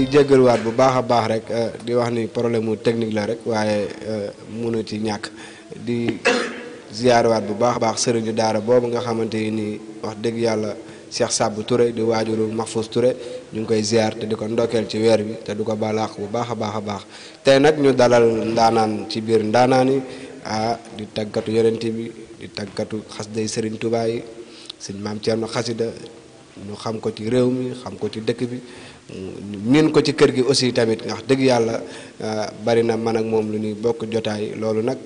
di jéggaluwaat bu baax a baax rek euh, di wax ni problème mu technique la rek waaye euh, mënu ci ñàkk di ziyaarawaat bu baax a baax sëriñu daara boobu nga xamante ni wax dëgg yàlla Cheikh Sabou ture di waajuru Mahfouz ture ñu ngi koy ziar te di ko ndokkeel ci weer bi te du ko balaax bu baax a baax a baax tey nag ñu dalal ndaanaan ci biir ndaanaan yi ah di taggatu yeneenti bi di taggatu xas sëriñ Touba yi sëñ maam Thierno xasida ñu xam ko ci réew mi xam ko ci dëkk bi miin ko ci kër gi aussi tamit ndax dëgg yàlla euh, bari na man ak moom lu ñuy bokk jotaay loolu nag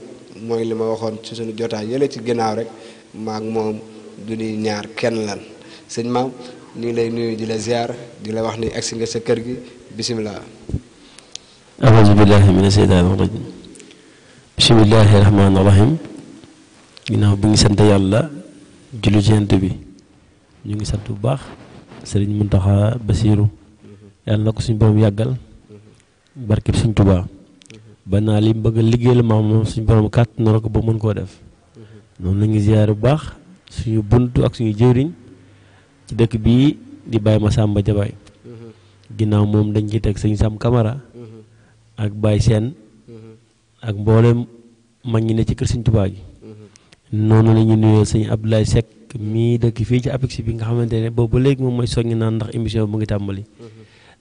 mooy li ma waxoon ci suñu jotaay yële ci ginnaaw rek maak moom du ñuy ñaar kenn lan sëñ maam ñu ngi lay nuyu di la ziar di la wax ni agsi nga sa kër gi bisimilah. auzu billahi mina seytaani rajim bisimilahi rahmaani rahim ginnaaw bi ngi sant yàlla julli jent bi ñu ngi sant bu baax sëriñ Muntaxa Basiiru yalla nako ko suñ borom yagal barkib suñ tuba bana li bëgg a liggéeyal maam moom suñ borom kat na rek ba mën koo def noonu la ñuy ziare bu baax suñu buntu ak suñu jëwriñ ci dëkk bii di Baye Massamba Jabaay ginnaaw moom dañ ci teg sëñ Sam Camara ak Baye Sène ak mboolem mag ñi ne ci kër suñ tuba gi noonu la ñu nuyoo sëñ Abdoulaye sek mii dëkk fii ci APEX bi nga xamante ne boobu ba léegi moom mooy soññi naan ndax émission bi mu ngi tàmbali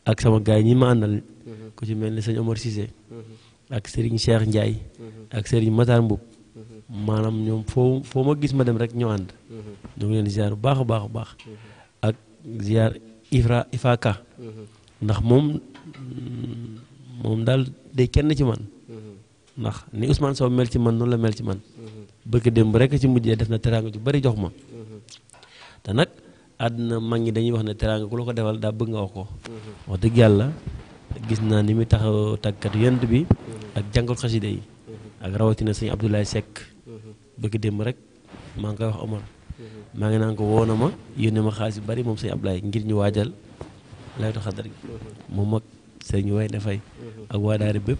ak sama gaay ñi ma andal mhm. ku ci melni ni Omar Cissé mhm. ak Serigne Cheikh ndjay mhm. ak Serigne Matar Mbub rak ñom fo fo ma gis ma dem rek ñu and ñu ngi leen ziar bu baax ak ziar Ifra Ifaka ndax mom, mom dal de kenn ci man ndax ni Ousmane saw mel ci man non la mel ci man bëgg dem rek ci mujjé def na teranga ju bari jox ma da nak adna mag ñi dañuy wax ne teranga ku la ko defal daa bëgg nga ko wax dëgg yàlla gis naa ni muy taxaw yent bi ak jàngal xasida yi ak rawatina sëñ abdoulaye seck bëgg dem rek maa ngi koy wax omar maa ngi naan ko woo na ma yónne ma xaalis bari moom sëñ abdoulaye ngir ñu waajal laytu xadar gi moom ak sëñ way fay ak waa daari bépp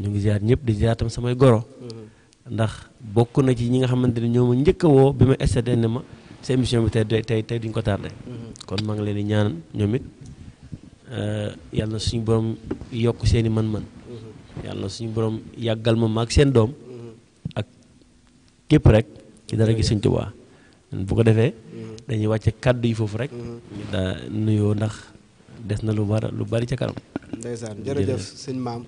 ñu ngi ziar ñëpp di ziar tam samay goro ndax bokk na ci ñi nga xamante ne ñoo ma njëkk woo bi ma ma seen émission bi tey tey tey duñ ko tardé. kon maa ngi leen di ñaanal ñoom euh, yàlla na suñu borom yokk seen i man mën yàlla na suñu borom yàggal ma maag seen doom. ak képp rek ci dara gi Sëñ Tuubaa bu ko defee. dañuy wàcce kàddu yi foofu rek. ñu nuyoo ndax des na lu war lu bari ca kanam. ndeysaan jërëjëf sëñ maam.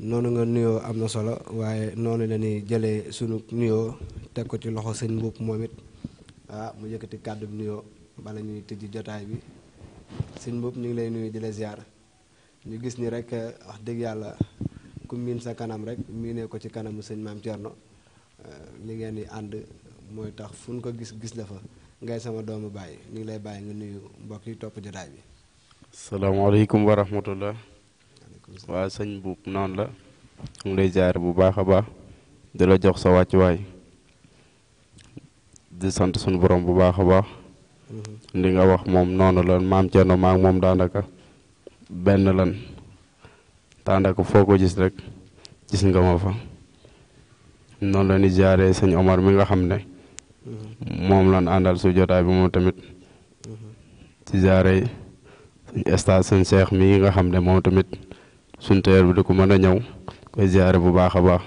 noonu nga nuyoo am na solo waaye noonu la jëlee sunu nuyoo teg ko ci loxo sëñ Mboup moom ah mu yëkkati kàddu bi nuyoo bala ñuy tëj jotaay bi sëñ Mboup ñu ngi lay nuyu di la ñu gis ni rek eh, wax dëgg yàlla ku miin sa kanam rek miinee ko ci kanamu sëñ maam Thierno eh, li ngeen di ànd mooy tax fu ko gis gis la fa ngay sama doomu bàyyi ñu ngi lay bàyyi nga nuyu mbokk yi topp jotaay bi. salaamaaleykum wa rahmatullah waa sëñ Mboup noonu la. mu ngi lay ziar bu baax a baax. di la jox sa wàccuwaay. di sant suñu borom bu baax a baax li nga wax moom noonu lan maam Thierno maa ngi moom daanaka benn lan daanaka foo ko gis rek gis nga ma fa noonu lan ñuy jaaree sëñ Omar mi nga xam ne moom lan àndal su jotaay bi moom tamit ci jaaree sëñ sëñ Cheikh mi nga xam ne moom tamit suñ teer bi di ko mën a ñëw koy jaare bu baax a baax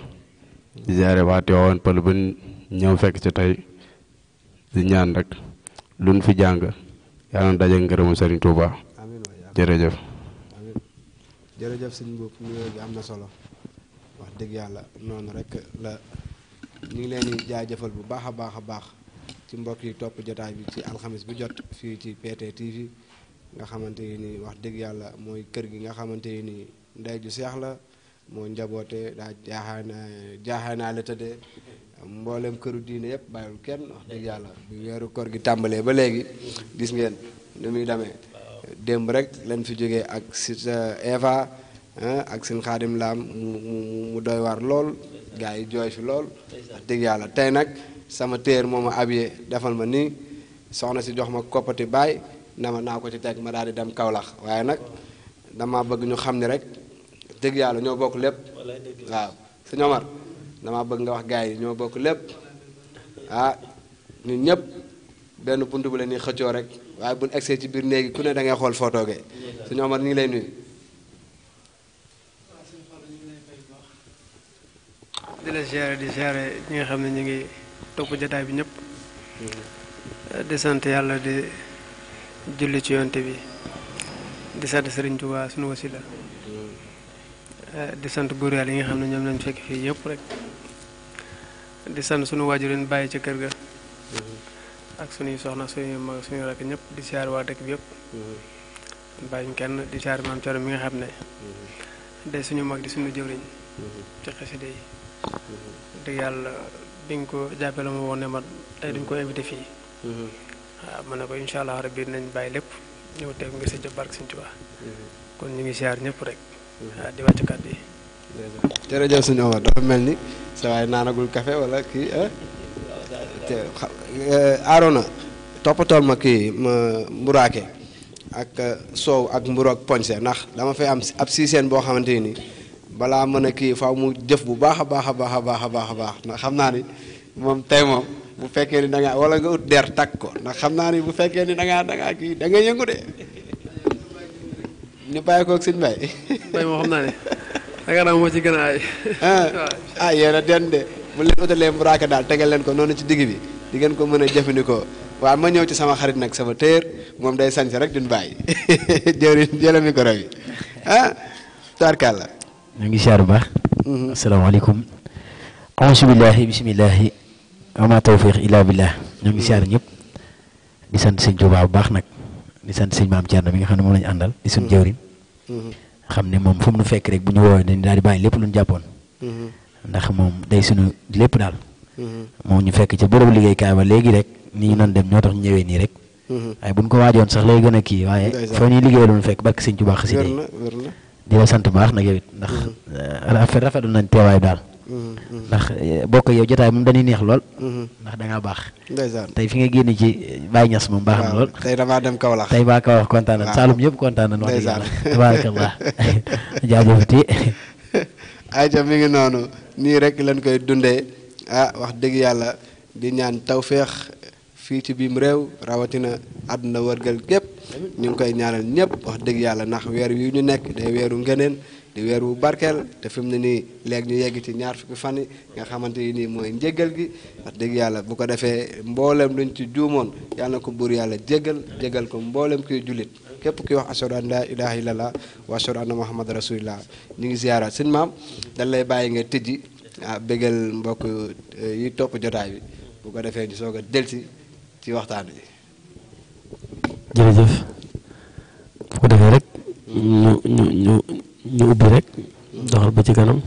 di jaare waa Tiwaawan ba ñëw fekk ci tey di ñaan rek luñ fi jàng yàlla na daje ngërëmu Serigne Touba jërëjëf. jërëjëf sëñ mbokk nuyoo bi am na solo wax dëgg yàlla noonu rek la ñu ngi leen di jaajëfal bu baax a baax a baax ci mbokk yi topp jotaay bi ci alxamis bi jot fii ci PT TV nga xamante ni wax dëgg yàlla mooy kër gi nga xamante ni ndey ju seex moo njaboote daa jaaxaana jaaxaanaa la tëddee mboolem këru diine yëpp bàyyiwul kenn wax dëgg yàlla bu weeru koor gi tàmbalee ba léegi gis ngeen nu muy demee démb rek lañ fi jógee ak si eh, Eva eh, ak seen xaadim laam mu mu doy war lool gaa yi jooy fi lool wax dëgg yàlla tey nag sama téer moo ma abiyee defal ma nii soxna si jox ma koppati baay na ma naa ko ci teg ma daal di dem Kaolack waaye nag dama bëgg ñu xam ni rek dëgg yàlla ñoo bokk lépp waaw sëñ Omar dama bëgg nga wax gaa yi ñoo bokk lépp ah ñun ñëpp benn bunt bu leen ni xëccoo rek waaye buñ egsee ci biir néegi ku ne da ngay xool foo toogee suñu Omar ñu ngi lay di la ziare nga xam ne ñu ngi topp jataay bi ñëpp. Mm-hmm. di sant yàlla di julli ci yonte bi di sant Serigne Touba sunu wasila mm-hmm. eh, di sant buur yi nga xam ne ñoom lañ fekk fii yëpp rek. di sant sunu waajur yi bàyyi ca kër ga. Mm-hmm. ak sunuy soxna suñu mag suñu rakk ñëpp di siyaar waa dëkk bi yëpp. Mm-hmm. bàyyiñ kenn di siyaar maam Thierno mi nga xam ne. Mm-hmm. day suñu mag di suñu jëwriñ. ci xasida yi. dëgg yàlla bi nga ko jàppee la ma woon ne ma tey duñ ko invité fii. waaw ah, ma na ko incha allah rabbi nañ bàyyi lépp ñëw teew ngir sa jëf barke Sëñ kon ñu ngi siyaar ñëpp rek. Ah, di wàcc kàddu yi. jërëjëf suñu Omar dafa mel ni sa naanagul kafe wala kii ah? eh, Arona toppatool ma kii ma mburaake ak eh, soow ak mburu ak poñse ndax dama fay am ab siiseen boo xamante ni balaa mën a kii faw mu jëf bu baax a baax a baax a baax a baax a baax ndax xam naa ni moom tey moom bu fekkee ni da ngaa wala nga ut der takk ko ndax xam naa ni bu fekkee ni da ngaa da ngaa kii da yëngu de ñu bàyyi koog suñu mbay. moo xam naa ne. yaakaar naa moo ci gën a ah yéen a den de bu leen utalee muraaka daal tegal leen ko noonu ci digg bi di ngeen ko mën a jëfandikoo waaw ma ñëw ci sama xarit nag sama téer moom day sañse rek duñ bàyyi jëri jëla micro bi ah taarkàlla ñu ngi siyaar bu baax asalaamaaleykum auzu billahi bismillahi ama tawfiq illa billah ñu ngi siyaar ñëpp mhm. di sant sëñ Tuubaa bu baax nag di sant sëñ maam Thierno mi nga xam ne moom lañu àndal di mhm. suñ mhm. jëwriñ xam ne moom fu mu nu fekk rek bu ñu woowee dañ daal di bàyyi lépp lu ñu jàppoon. Mhm. ndax moom day suñu lépp daal. Mhm. moom ñu fekk ca bërëbu liggéeykaay ba léegi rek ni ñu doon dem ñoo tax ñu ñëwee nii rek. Mhm. waaye bu ñu ko waajoon sax lay gën a kii waaye. foo ñuy liggéeyal lu ñu fekk barke sëñ Tuubaa xasida yi di la sant baax nag yow it ndax euh, rafet rafetlu nañ teewaay daal. ndax eh, bokk yow jotaay moom dañuy neex lool. Mm-hmm. ndax da ngaa baax. ndeysaan tey fi nga génn ci Baye Niass moom baax na lool. tey damaa dem Kaolack tey waa Kaolack kontaan na Saalum yëpp kontaan na. ndeysaan wax dëgg yàlla tabaarakallah jaabooti. ayca lañ koy dundee ah wax dëgg yàlla di ñaan tawféex fii ci biim réew rawatina àdduna wërgal gépp ñu ngi koy ñaanal ñëpp wax dëgg yàlla ndax weer wi ñu nekk day weeru ngëneen. di weer wu barkeel te fi mu ne nii léegi ñu yegg ci ñaar fukki fan yi nga xamante ni nii mooy njéggal gi wax yàlla bu ko defee mboolem luñ ci juumoon yàlla ko buur yàlla jéggal jéggal ko mboolem kuy jullit képp kuy wax ashhadu an laa ilaaha illallah wa ashhadu anna muhammad ñu ngi ziyaara sëñ maam dañ lay bàyyi nga tijji ah bégal mbokk eh, yi topp jotaay bi bu ko defee ñu soog a delsi ci ci waxtaan bi ñu ubbi rek doxal ba ci kanam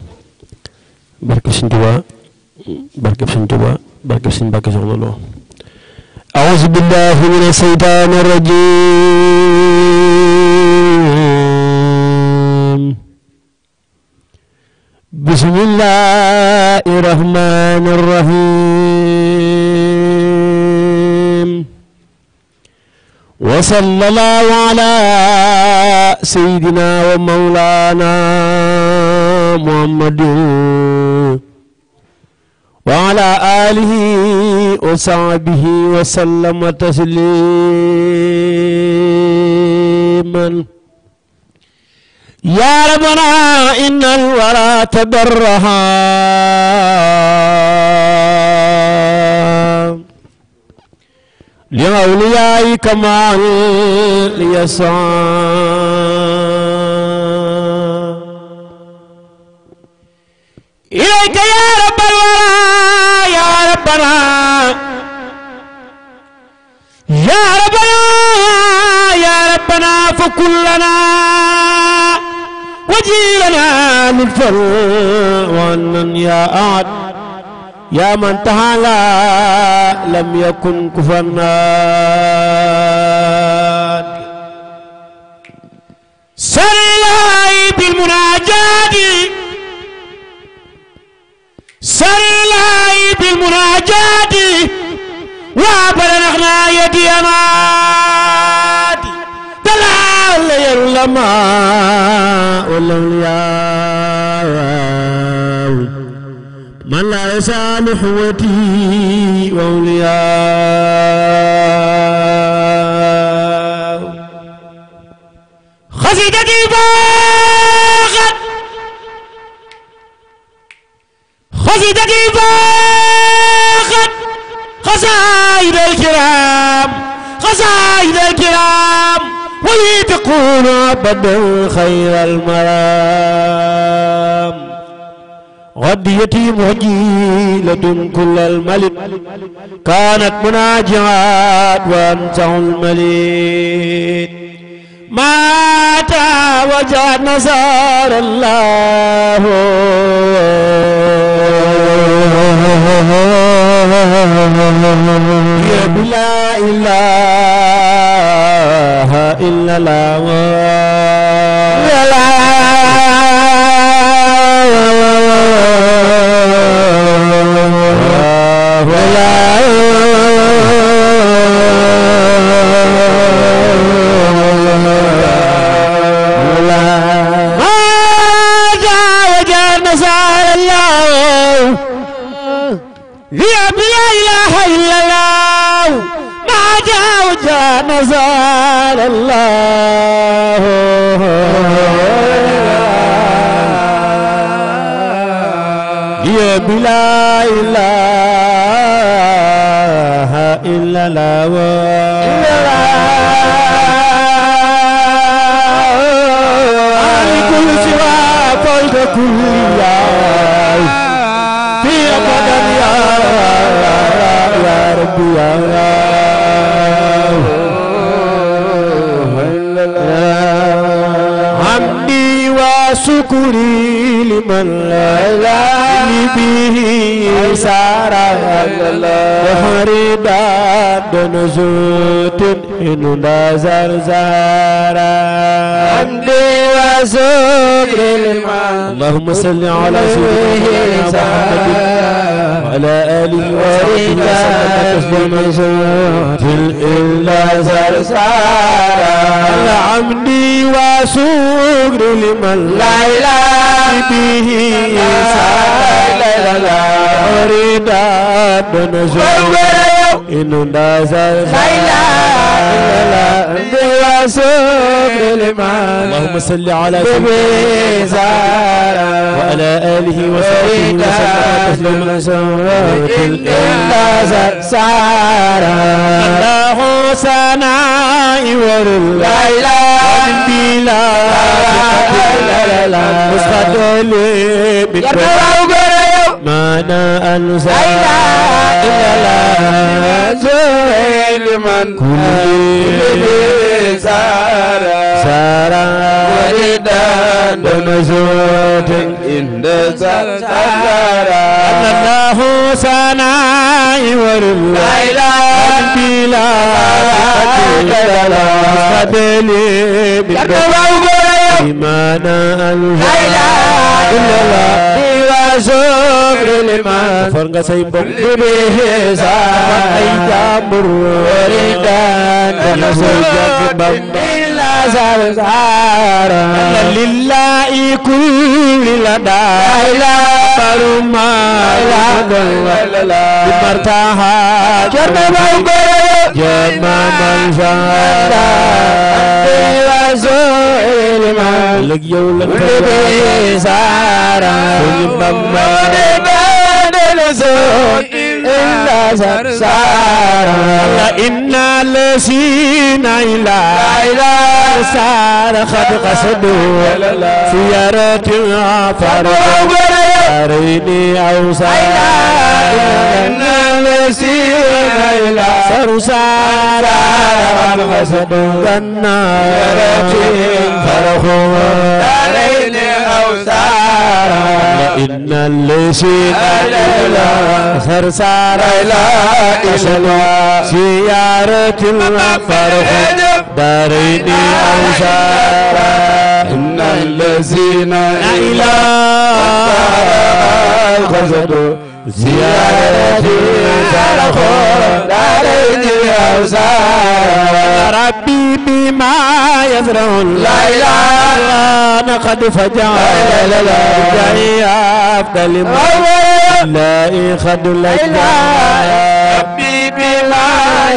barke sun tuba barke sun tuba barke sun barke soxna lolo أعوذ بالله من الشيطان الرجيم بسم الله الرحمن الرحيم وصلى الله على سيدنا ومولانا محمد وعلى آله وصحبه وسلم تسليما يا ربنا إن الورى تبرها لأوليائك ما ليسعى إليك يا رب الورى يا ربنا يا ربنا يا ربنا فكلنا وجيلنا من فرعون يا أعد يا من تعالى لم يكن كفرنا اليمادي تلا العلماء الأولياء من لا يسال حوتي وأولياء خفدت الباغت خفدت الباغت تكون أبدا خير المرام غد يتيم وجيلة كل الملك كانت مناجعات وأنته الملك مات وجاء نزار الله يا بلا إله إلا الله يا لا إله إلا الله جاء وجاء نزال الله يا بلا إله إلا الله كل سوى فوق كل في أبدا يا رب يا رب شكري لمن لا يغني به سارا وحريدا دنزوت إن لا زرزارا حمدي وشكري لمن اللهم صل على سيدنا محمد وعلى آله وصحبه وسلم تسليما إلا سرسارا العمدي وشكر لمن لا إله به سارا أريد أن نشكر إن لا سرسارا اللهم صل على سيدنا وعلى آله وصحبه وسلم الله سناء ورل لا إله إلا الله مستقل بالبلاء أنا أنسى لا إله إلا زويل من كل سارة سارة وإذا دنزوت إن سارة أنا الله سناي ورب لا إله إلا الله سبيلي بكرة إيمانا لا إله إلا الله وزور لمن فرق سيبك به زار أيام وردان نسجك بمبا زارا لله كل لدى لا فرما لا لا لا مرتاحا كرم بغير جمال الفضل وزوء المال لك يولك بيسارة كل مبادل الزوء إلا سرسارة إنا لسينا إلا إلى سارة خد قصدوا في يرات فرق أريني أوصل إن المسير إلى إن سرسار إسلام سيارة دارين أو شارا إن الذين إلى الخزر زيارتي ترخوا دارين أو شارا ربي بما يزرعون لا إله إلا أنا قد فجعل رجعي أفضل أيوة. لا إخد لك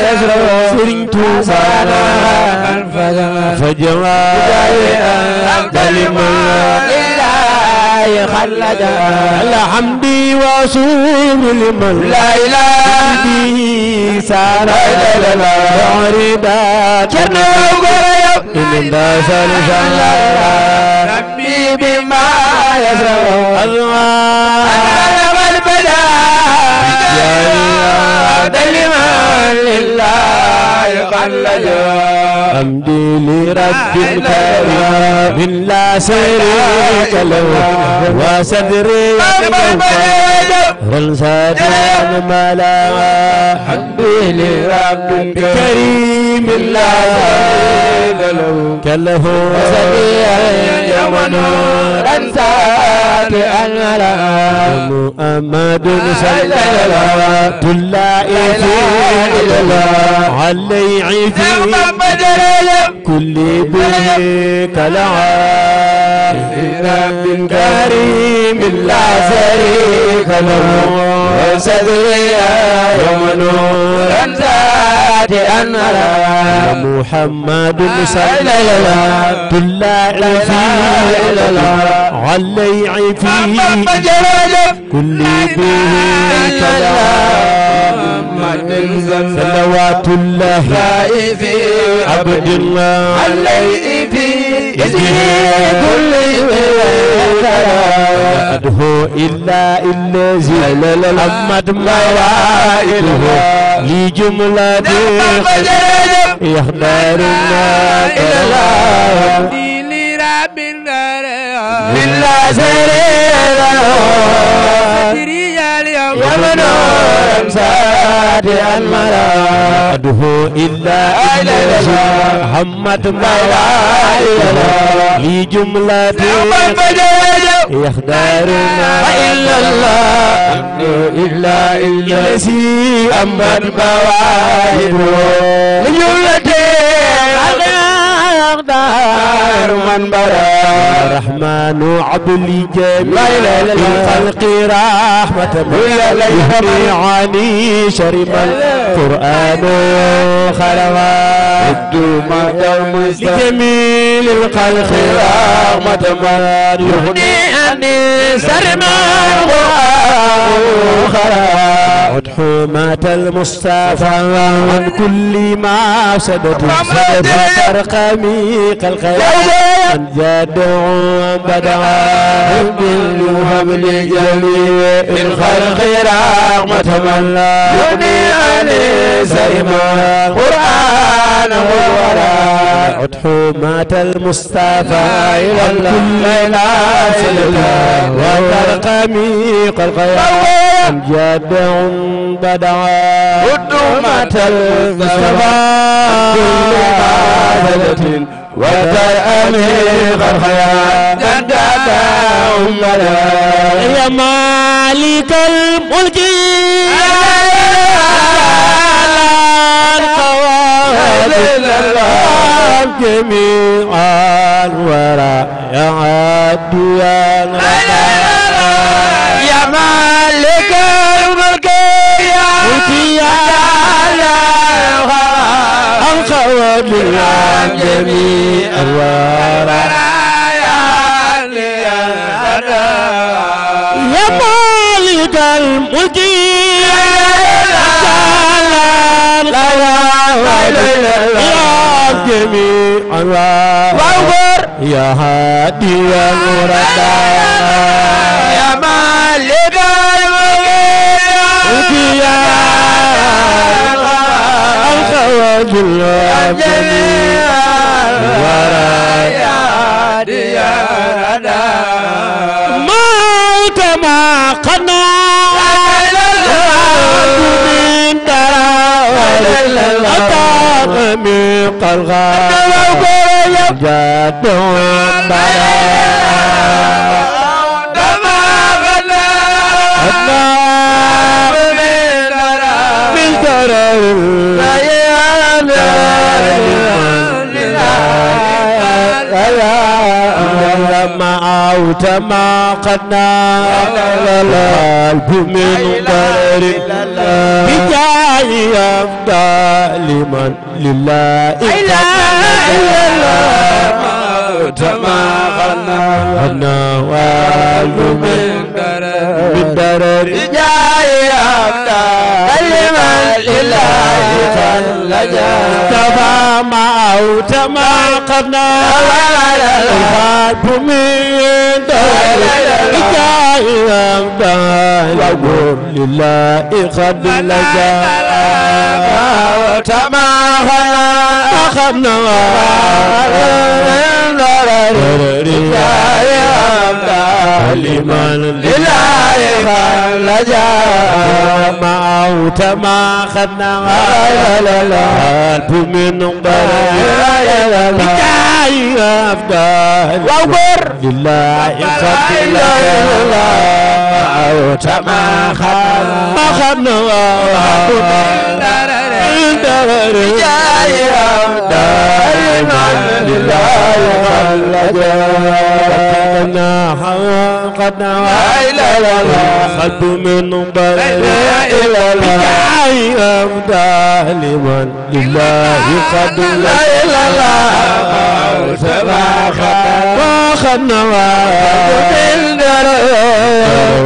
أشرف سرين توفانا الفجر فجمع كلمة لله خلد الحمد وصوم لمن لا إله به سانا وعربا كرنا وقريب إن الله سالسان ربي بما يسر الله معلجا أمدي لرب الكريم لا شريك له وصدري والسلام ملا حمدي لرب الكريم لا شريك له كله يا ونور أنسى بأننا محمد صلوات الله إلا الله علي عزيز كل بيك العالم رب كريم لا شريك له وسدريا يمنون محمد صلى الله عليه الله علي عفي كل به صلوات الله عبد الله علي كل أدهو إلا الذي أمد موائده لي جملة يختار ما إله ديني رب الغرام لله سريرا سريا اليوم يمنون سادي المرا أدهو إلا إلى محمد موالي لي جملة يوم الفجر ما إلا الله إلا إلا الذي أما البواهد من يولدين أقدار من برا الرحمن عبد الجميع الخلق رحمة كل يهري عني شرم القرآن خلقا الدوم لجميع للقلق رغمة من يغني عني سرما وخرا حماة المصطفى عن كل ما سدد سدد فرقمي كالخيال يدعو بدعا من وهب لجميع الخلق رحمة من لا يغني عليه سيما القرآن والورى عدحومات المصطفى إلى كل لا سلطة وترقمي قلقيا جدع بدعا قدومة المصطفى كل ما وتأمي فرحيا جدة أمنا يا مالك الملك جميعا ورا يا عدوان يا مالك الملك يا مالك عنك وبنا جميع الورايا يا مالك الملك يا يا جميع الورايا يا هادي يا يا مالك الملك يا سواد العبد الورى يا ديارنا موت ما قنا من درا أطاق من قلغا جاد برا Sayın معوت ما قدنا القلب من ضرر بجاه يفضى لمن لله إله إلا الله جما غنا غنا والو من درر من درر جاي أبدا كلمة لله فلجا كفى ما أو جما والو من درر جاي أبدا والو لله قد لجا وتما غنا أخذنا لمن لله لجا ما أوت ما خدنا لا لا من قدر لا لا أفضل لله قد لا وعوت ما خلق ما خلق وعوت جاي دائما لله خلقنا حقنا إلى الله خد من بل إلى الله جاي دائما لله خد إلى الله وعوت ما خلق ما خلق وعوت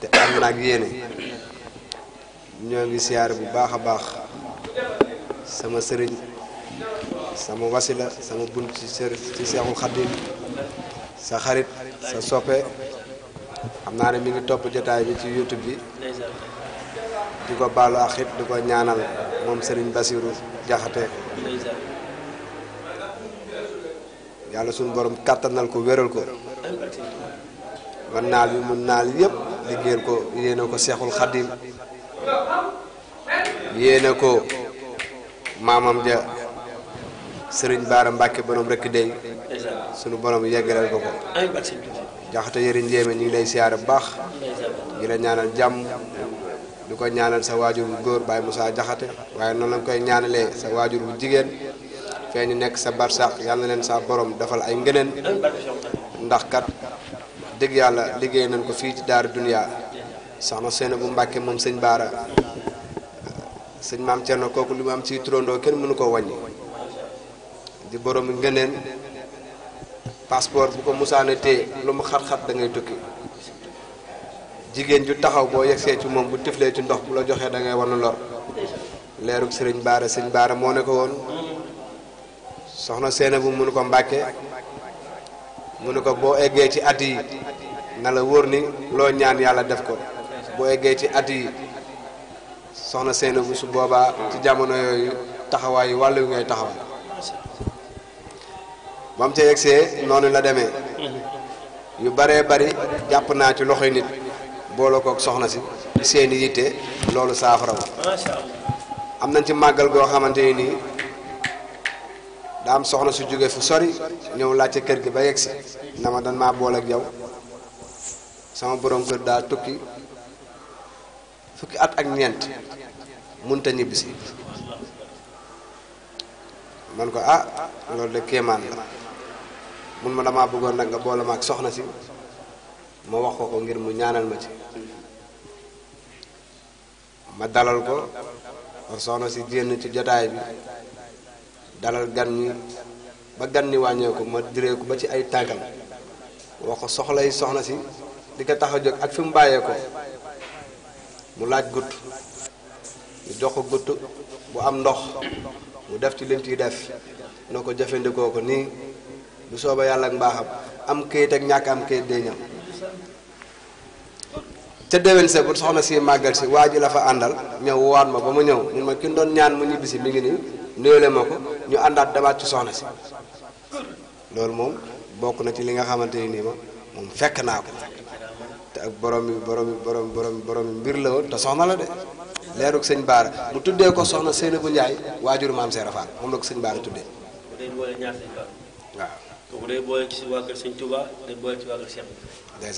te am naag yene ñoo ngi siyaar bu baaxa baax sama serigne sama wasila sama bunt ci ser ci seexul khadim sa xarit sa sopé xam naa ne mi ngi top jotaay bi ci youtube bi diko ko baalu diko ñaanal mom serigne basirou jaxate yalla sun borom katanal ko wéral ko man naal bi mun naal yépp liggéeyal ko yéene ko seexul xadim yéene ko maamam ja sëriñ baara mbàkke borom rekk dey sunu borom yeggaleel ko ko jaxate yëriñ njéeme ñu ngi lay siyaare bu baax di la ñaanal jàmm du ko ñaanal sa waajur bu góor Baye Moussa jaxate waaye noonu lañ koy ñaanalee sa waajur bu jigéen fee ñu nekk sa barsax yàlla na leen saa borom defal ay ngëneen ndax kat dëgg yàlla liggéey nañ ko fii ci daaru dunia soxna seena bu Mbàkke moom sëñ Baara sëñ maam Cerno kooku lu mu am ci turandoo kenn mënu koo wàññi di borom ngëneen passeport bu ko musaane téye lu mu xat-xat da ngay tukki jigéen ju taxaw boo yegsee ci moom bu tiflee ci ndox bu la joxee da ngay wan lor leerug sëriñ Baara sëñ Baara moo ne ko woon soxna seena bu mënu ko Mbàkke mu ne ko boo eggee ci at yi na la wóor ni loo ñaan yàlla def ko boo eggee ci at yi soxna seeni bu boobaa ci jamono yooyu taxawaayu wàll wi ngay taxawaay ba mu ca yegsee noonu la demee yu baree bari jàpp naa ci loxo nit boole kook soxna si seeni yitte loolu saafara am nañ ci màggal goo xamante ni daa am soxna su jóge fu sori ñëw laajte kër gi ba yegg si na dan maa boole ak yow sama borom kër daa tukki fukki at ak ñeent munta ñibbisi man ko ah loolu de kéemaan la mun ma damaa bëggoon nag nga boole ma ak soxna si ma wax ko ko ngir mu ñaanal ma ci ma dalal ko war soxna si génn ci jotaay bi dalal gan ñi ba gan ñi wàññeeku ma direeku ba ci ay tàggam wax ko soxlay soxna si li ko tax a jóg ak fi mu bàyyee ko mu laaj gutt ñu jox gutt bu am ndox mu def ci lim ciy def na ko jëfandikoo ko nii bu soobee yàlla ak mbaaxam am kayit ak ñàkk am kayit day ñam ca déwén sa bu soxna si màggal si waa ji la fa àndal ñëw waat ma ba mu ñëw mun ma kin doon ñaan mu ñibbisi mi ngi nii nuyoole ma ko ñu àndaat dabaat ci soxna si loolu moom bokk na ci li nga xamante ni nii ma moom fekk naa ko te ak borom bi borom borom borom borom mbir la woon te soxna la de leerug sëñ Baara tuddee ko soxna Seynabou Ndiaye waajur maam Seera Faal moom la ko sëñ Baara tuddee. waaw. kooku day boole ci waa kër sëñ Touba day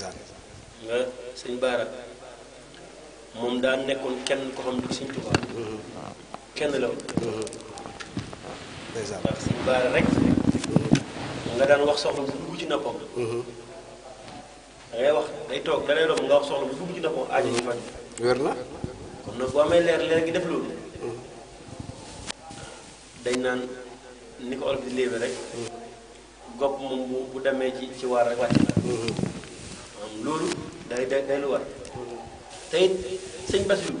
daa nekkoon kenn ko xam ne sëñ Touba. Mm-hmm. kenn la woon. Mm-hmm. ndax suñ baara rek nga daan wax soxla bu dugg ci noppam mhm. da wax day toog da lay romb nga wax soxla bu dugg ci noppam aajo yi faj wér na kon nag boo amee leer leer ngi def loolu mhm. dañ naan ni ko olof di léebe rek mhm. gopp moom bu bu demee ci ci waar rek wàcc na loolu day day day lu war te it sëñ Basiru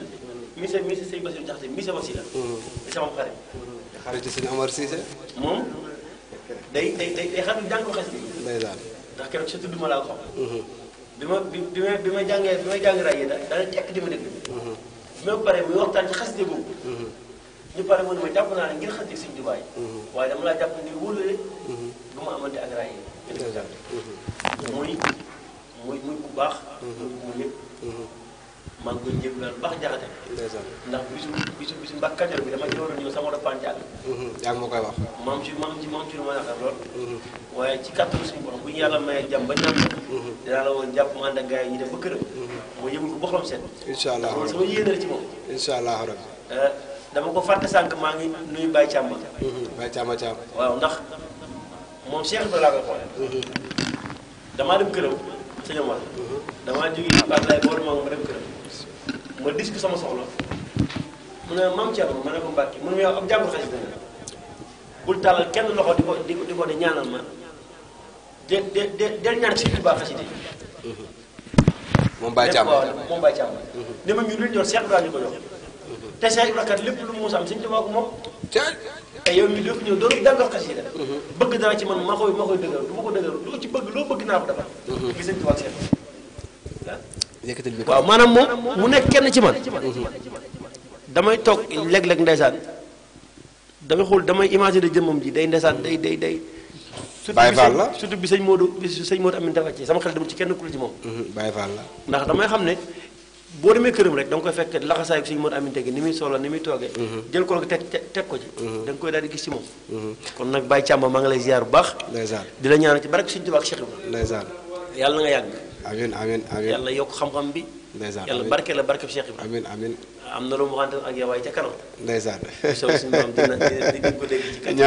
monsieur monsieur Sëñ Bassirou Diakhaté mi sama si la. di sama xarit. xaritu sëñ Amar Cissé. moom day day ma laa ko xam. Hmm. bi ma bi bi ma bi ma jàngee bi ma jàng raay yi da dana tekk di ma déglu. Hmm. bi ma paree muy waxtaan ci xaside boobu. Hmm. ñu pare ma muy muy muy muy ku man ko jëggal bax jaxate iya, ndax bisu bisu bisu mbakka jël bi dama jëwoon ñëw sama dafa jàng yaa ngi koy wax mam ci mam ci mam ci ma yaakaar lool waaye ci kàttan suñu borom bu ñu yàlla mayee jàmm ba ñaan dinaa la woon jàpp mu ànd ak yi def ba këram mu yëngu ko boxlam seet incha allah sama yéene ci moom incha allah dama ko ngi waaw ndax Cheikh dem dem ma dis ko sama soxla mu ne maam Thierno ma ne ko Mbacke mu ne yow ab jàngu xasida nga bul tàllal kenn loxo di ko di ko di ko di ñaanal ma de de de del ñaan si biir baa xasida moom Baye Thiam moom Baye Thiam ne ma ñu luñ jox Cheikh Ibrahima ñu ko jox te Cheikh Ibrahima kat lépp lu mu mos am sëñ Tuubaa ko moom te yow mi doo fi ñëw doon jàngal xasida mhm. bëgg dara ci man ma koy ma koy dëgër du ma ko dëgër loo ci bëgg loo bëgg naa ko defal mhm. gi sëñ Tuubaa Cheikh waaw maanaam moom mu nekk kenn ci man damay toog léeg-léeg ndeysaan damay xool damay imaginer jëmmam ji day ndeysaan day day day Baye Fall la surtout bi sëñ Modou bi sëñ Modou Aminta sama xel demul ci kenn ku ci moom mhm, ndax damay xam ne boo demee këram rek da koy fekk laxasaayu sëñ Modou Aminta gi ni muy solo ni muy toogee mhm. jël ko teg teg ko ci mhm. da nga koy daal di gis ci moom kon nag Baye Thiamba maa ngi lay ziar bu baax ndeysaan di la ñaanal ci barke sëñ Tuubaa nga yàgg amiin amin amiin yàlla yokk xam-xam bi. ndeysaan yàlla barke la barke Cheikh Ibrahima. amiin amiin am na lu mu ñaa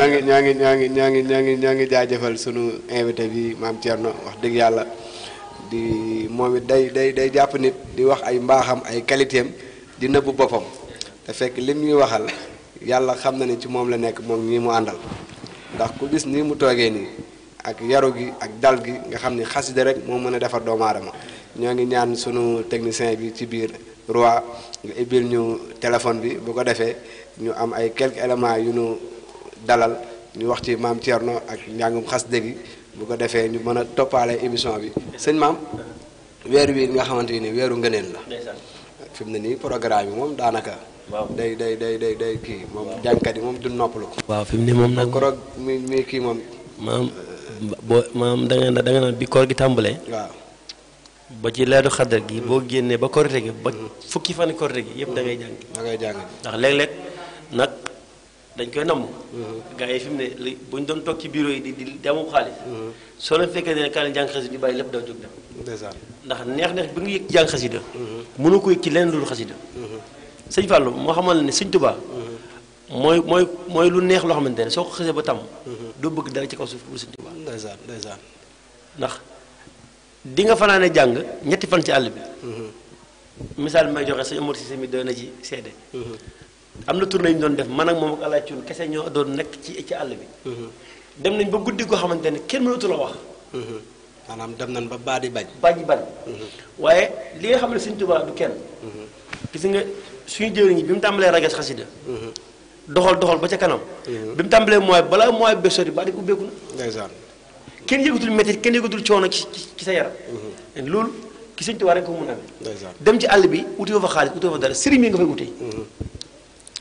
ngi ñaa ngi ñaa ngi ñaa ngi ñaa ngi ñaa ngi jaajëfal sunu invité bi maam Thierno wax dëgg yàlla di moom it day day day jàpp nit di wax ay mbaaxam ay qualité di nëbbu boppam te fekk lim ñuy waxal yàlla xam na ne ci moom la nekk moom ñii mu àndal ndax ku gis nii mu toogee nii. ak yaru gi ak dal gi nga xam ni xasida rek moo mën a defar doomu aadama ñoo ngi ñaan sunu technicien bi ci biir roi nga ibbil ñu téléphone bi bu ko defee ñu am ay quelques éléments yu nu dalal ñu wax ci maam Thierno ak njàngum xasida gi bu ko defee ñu mën a toppaale émission bi sëñ maam weer wi nga xamante ni weeru ngëneen la fi mu ne nii programme bi moom daanaka day day day day kii moom jàngkat yi moom du noppalu ko waaw fi ne moom nag koroog kii moom boo maanaam da nga da bi koor gi tàmbalee. waaw ba ci leedu xaddar gi boo génnee ba korite gi ba fukki fani korite gi yëpp da ngay jàng. da ngay jàng ndax léeg-léeg nag dañ koy namm. Mm-hmm. gars yi fi mu ne bu ñu doon toog ci bureau yi di di di amul xaalis. Mm-hmm. soo leen fekkee ne kaay jàng xasida ñu bàyyi lépp daw jóg dem. ndax neex-neex bi nga yëg jàng xasida. Mm-hmm. mënu ko yëg ci leneen lu dul xasida. sëñ Fallou moo xamal ne sëñ Tuubaa. mooy mooy mooy lu neex loo xamante ne soo ko xasee ba tàmm. doo bëgg ndeysaan ndeysaan ndax di nga fanaane jàng ñetti fan ci àll bi mhm. misaal may joxe sañ amar si mi doy na ci seede mhm. am na tournée ñu doon def man ak moom ak alaaj cuun kese ñoo doon nekk ci ci àll bi mhm. dem nañ ba guddi koo xamante ni kenn mënatu la wax maanaam dem nañ ba baa di bañ bañ bañ waaye li nga xam ne Sëñ Tuubaa du kenn gis nga suñu jëriñ bi mu tàmbalee rages xasida doxal doxal ba ca kanam bi mu tàmbalee mooy balaa mooy besori ba di ubbeeku na kenn yëgatul métti kenn yëgatul coono ci ci sa yaram. Mhm. loolu ki sëñ Tuubaa rek ko mun a dem ci àll bi uti fa xaalis uti fa dara sëriñ bi mhm.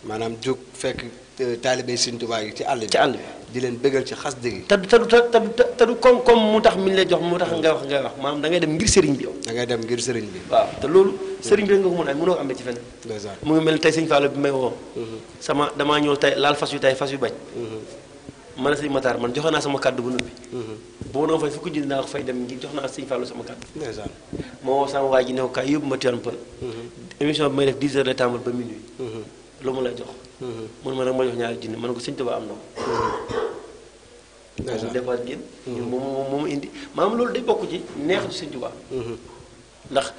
maanaam jóg fekk euh, taalibe sëñ Tuubaa yi ci àll bi. ci àll di leen bëggal ci xas dëgg. te te du te du comme comme mu tax mi lay jox mu tax mhm. nga wax nga wax maanaam da ngay dem ngir sëriñ bi yow. da dem ngir sëriñ bi. waaw te loolu. sëriñ bi rek nga ko a mënoo amee ci fen mu ngi mel tey sëñ Fallou bi may woo. sama damaa ñëw tey laal fas yu tey fas yu bañ. man sëñ Matar man joxe naa sama kàddu bu noppi. Mhm. bu ma doon fay fukki junni naa ko fay dem ngir jox naa sëñ Fallou sama kàddu. ndeysaan moo woo sama waa ji ne kaay yóbbu ma Tivaouane Peulh. Mhm. émission bi may def 10 mhm. ma lay jox. man ma nag ma jox ñaari junni man ko sëñ Tuubaa am na ko. ndeysaan mu defaat génn. ñun moom moom loolu day bokk ci neexatu sëñ Tuubaa. ndax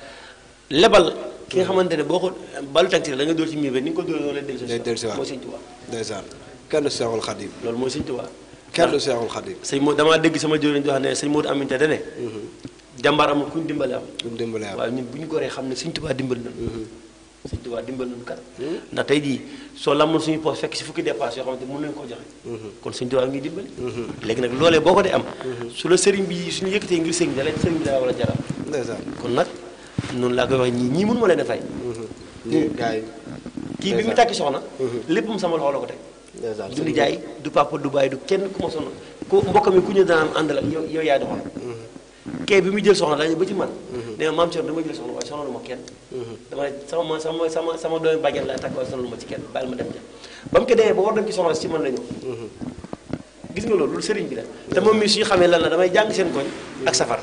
lebal. ki nga xamante ne boo ko balu tànk la da nga dóor ci miir bi ni nga ko dóoree noonu lay dellusiwaat. day dellusiwaat mooy sëñ Tuubaa. ndeysaan. كان الشيخ الخديم لول موي سيغ توبا كان الشيخ الخديم سي مو داما دغ سما جوري دي وخني سي مود امين تاني جامبار امو كون ديمبال ام ديمبال وا ني بو ني كوري خامني سيغ توبا ديمبال نون سيغ توبا ديمبال نون كات دا تاي دي سو لامون سيغ بو فك سي فوكي ديباس يو خامتي مون نين كو جوخي كون سيغ توبا غي ديمبال ليك نك لولاي بوكو دي ام سو لو سيرين بي سيني ييكتي غير سيغ دالاي سيرين دا ولا جارا ديسان كون نك نون لا كوي ني ني مون مولا نفاي ني غاي كي بيمي تاكي سوخنا ليبم سما لوخو لوكو تاي du nijaay du papa du baay du kenn ku ma sonn ku mbokkam yi ku ñu daan àndal ak yow yaay doxal mhm. kee bi muy jël soxna dañu ba ci man mhm. nee ma dama mhm. sama ma ci kenn bàyyi ma dem ja ba mu ko demee ba war dem ci soxna si man loolu loolu bi la te moom mii suñu xamee lan la damay jàng seen koñ ak safar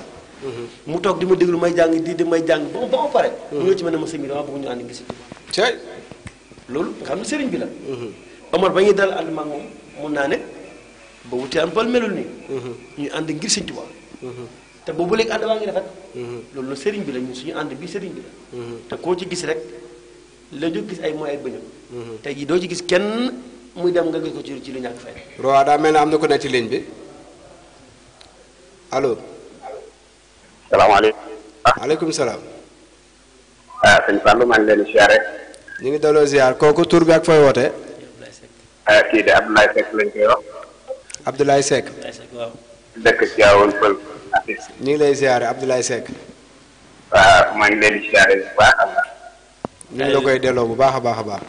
mu toog di ma déglu may jàng di di may jàng ba ba ma pare mu ñëw ci man ne ma sëriñ bi dama bëgg ñu ànd gis loolu nga xam ne sëriñ bi la Omar ba ñuy dal ànd maag moom mun naa ne boobu Tivaouane Peulh melul nii. Mhm. ñu ànd ngir Sëñ Tuubaa. Mhm. te boobu léegi ànd baa ngi rafet. Mhm. loolu la sëriñ bi la ñun suñu ànd bi sëriñ te koo ci gis rek la ñu gis ay moyens bëñam. te jii doo ci gis kenn muy dem nga gis ko ci ci lu ñàkk fay. Roa daa mel am na ko ne ci ligne bi allo. salaamaaleykum. waaleykum ah. salaam. ah sëñ Fallou maa ngi leen di ziare. ñu ngi daloo ziar kooku tur bi ak fooy wootee. Ah, kii de Abdoulaye Seck lañ koy wax. Abdoulaye Seck. waaw. dëkk ngi lay ziare Abdoulaye Seck. waaw maa ngi leen di a baax. la koy delloo bu baax a baax a baax.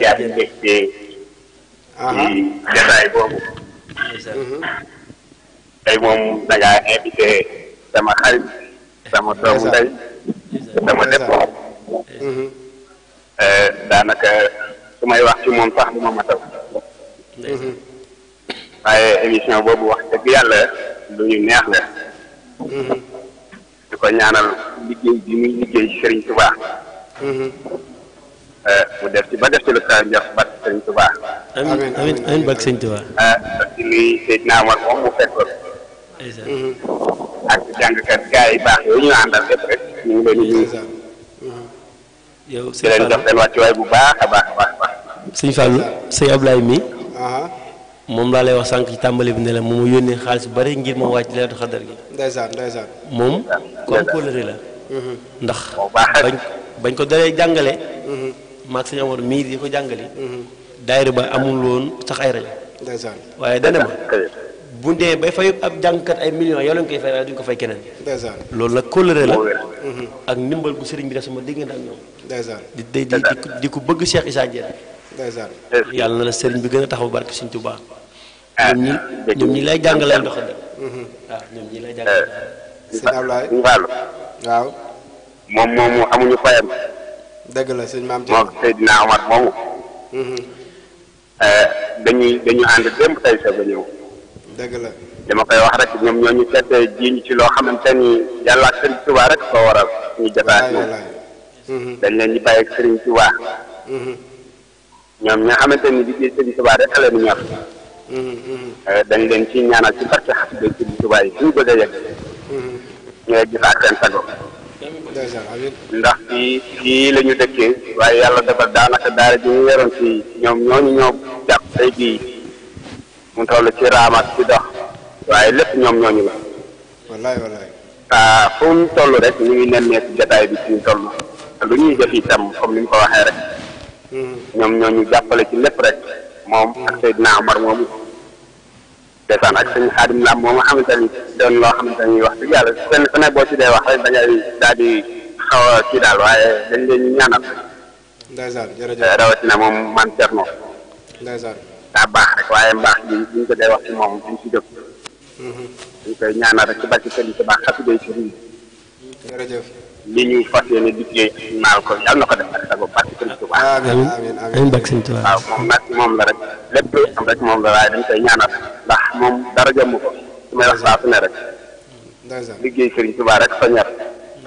yaa ngi dégg ci jotaay mhm. tey moom da ngaa invité sama xarit. sama doomu ndey. sama lépp. Mhm. Eh, daanaka su may wax ci moom sax du ma matal. Mm-hmm. waaye émission boobu wax dëgg yàlla lu ñu neex la. Mm-hmm. di ko ñaanal liggéey bi muy liggéey Serigne Touba. Mm-hmm. Eh, mu def ci ba def ci lu ko jox bat Serigne Touba. amiin amiin amiin bak Serigne Touba. ah parce que lii Seydina Amar moom mu fekkoon. ak jàngkat gars yi baax yooyu ñu àndal lépp rek ñu ngi leen yow sëñ Fallou di bu baax a baax moom laa lay wax sànq ci tàmbali bi ne la moom mu yónnee xaalis bu bari ngir ma wàcc leetu xadar gi. ndeysaan ndeysaan. moom ku am la. Mhm. ndax bañ bañ ko dalee jàngale. Mhm. maag sëñ Amadou mii di ko jàngale. Mhm. daayira ba amul woon sax ay rajo. ndeysaan waaye dana ma. bu dee bay fay ab jàngkat ay millions yow lañ koy fay waaye duñ ko fay keneen. loolu nag kóllëre la. ak ndimbal bu sëriñ bi def sama diggante ak ñoom. di di di di ku bëgg Cheikh Issa Diène. yàlla na la sëriñ bi gën a taxaw barke Sëriñ Tuubaa ñoom ñi ñoom ñi lay jàng ndox mi waaw ñoom ñi lay jàngalee mhm. ah, eh, sëñ Ablaye waaw moom moomu amuñu fayam dëgg la sëñ maam moom Seydina Omar moomu mhm. eh, dañuy dañu ànd démb tey sa ba ñëw dëgg la dama koy wax rek ñoom ñoo ci loo xamante ni yàlla ak Sëriñ Tuubaa rek koo mhm. bàyyi Sëriñ Tuubaa ñoom ñoo xamante ni liggéey Sëriñ Tuubaa rek leen ñor mm-hmm. eh, dañ leen ci ñaanal ci barke xasida Sëriñ Tuubaa yi a yegg ñu yegg fa ak seen ndax fii fii la ñu dëkkee waaye yàlla dafa daanaka daara ji ñu yoroon fii ñoom ñooñu ñoo jàpp tey bii mu toll ci raamaat ci dox waaye lépp ñoom ñooñu la wallaay ah fu mu toll rek ñu ngi nemmeeku jataay bi ci ñu toll lu ñuy def itam comme ni mu ko waxee rek ñoom ñoo ñu jàppale ci lépp rek moom mm. ak Seydina Omar moomu desaan ak sëñ Xaadim Lam moom nga xamante ni doon loo xamante ni wax dëgg yàlla seen boo ci dee wax rek da ngay daal kii daal waaye dañ leen ñu ñaanal ndeysaan eh, rawatina moom man Cerno ndeysaan baax rek waaye mbaax gi buñ ko dee wax moom duñ ci jóg mm-hmm. dañ koy ñaanal rek ci barke sëñ ci baax xatu day ci jërëjëf li ñu fas yéene liggéey naal ko yàlla na ko def ak sago barke sëñ Tuubaa. amiin amiin moom la rek lépp luy am rek la waaye dañ koy moom dara jëmm ko su may wax saa liggéey sëriñ Tuubaa rek sa ñaar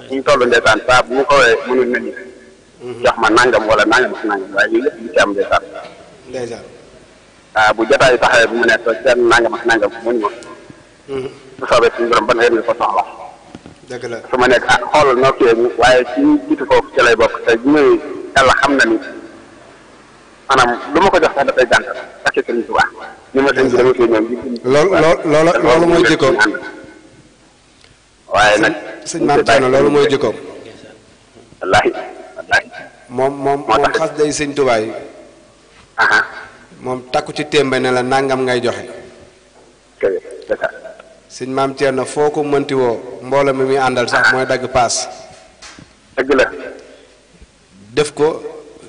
suñ toll ndeysaan saa bu mu ko wee na ni jox ma nangam wala nangam ak nangam waaye yooyu lépp li ci am bu jotaayu taxawee bu mu nekk seen nangam ak nangam mënu ma. bu mhm. ko soxla. dëgg la su ma nekk ah xoolal noo kii ñu waaye ko jox ma sëriñ bi dama koy ñoom. loolu loolu mooy jikkoom nag. sëñ Maam mooy jikkoom. wallaahi wallaahi. moom moom moom day sëñ Tuubaa moom takku ci témbe la nangam ngay joxe. sëñ Maam Thierno foo ko mënti mbooloo mi muy àndal sax mooy dagg paas. dëgg def ko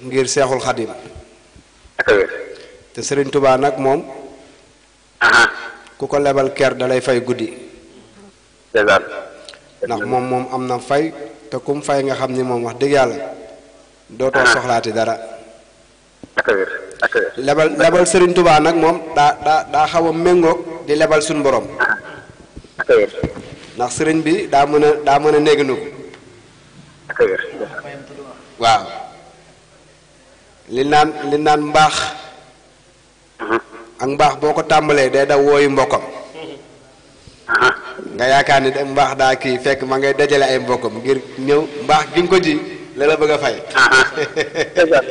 ngir seexul xadim te sëriñ tubaa nag moom. ku ko lebal ker dalay fay guddi. ndax moom moom am na fay te kum fay nga xam ni moom wax dëgg yàlla. dootoo soxlaati dara. lebal lebal sëriñ tubaa nag moom daa daa daa xaw a méngoog di lebal suñ boroom ndax sëriñ bi daa mën a daa mën a néegandoo ko waaw li naan li naan mbaax uh-huh. ak mbaax boo ko tàmbalee day daw wooyu mbokkam uh-huh. nga yaakaar ni mbaax daa kii fekk ma ngay dajale ay mbokkam ngir ñëw mbaax gi ko ji la bëgg a fay uh-huh.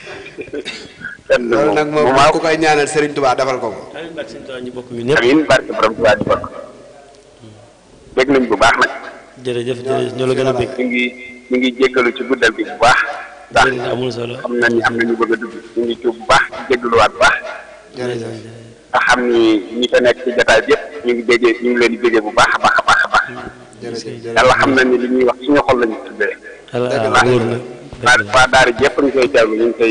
loolu nag moom ku koy ñaanal sëriñ Tuubaa defal ko ko bég nañ bu baax nag. jërëjëf jërëjëf ñoo la gën a bég. ñu ngi ñu ngi jéggalu ci guddal bi bu baax. jërëjëf amul solo ndax xam nañ am na ñu bëgg a dugg ñu ngi tuub bu baax jéggaluwaat waat baax. jërëjëf nga xam ni ñi fa nekk ci jotaay bi yëpp ñu ngi bégee ñu ngi leen di bu baax a baax a baax a baax. jërëjëf yàlla xam na ni li ñuy wax su xol lañu tuddee. waaw wóor na. daara daara jëpp ñu koy jàll ñu ngi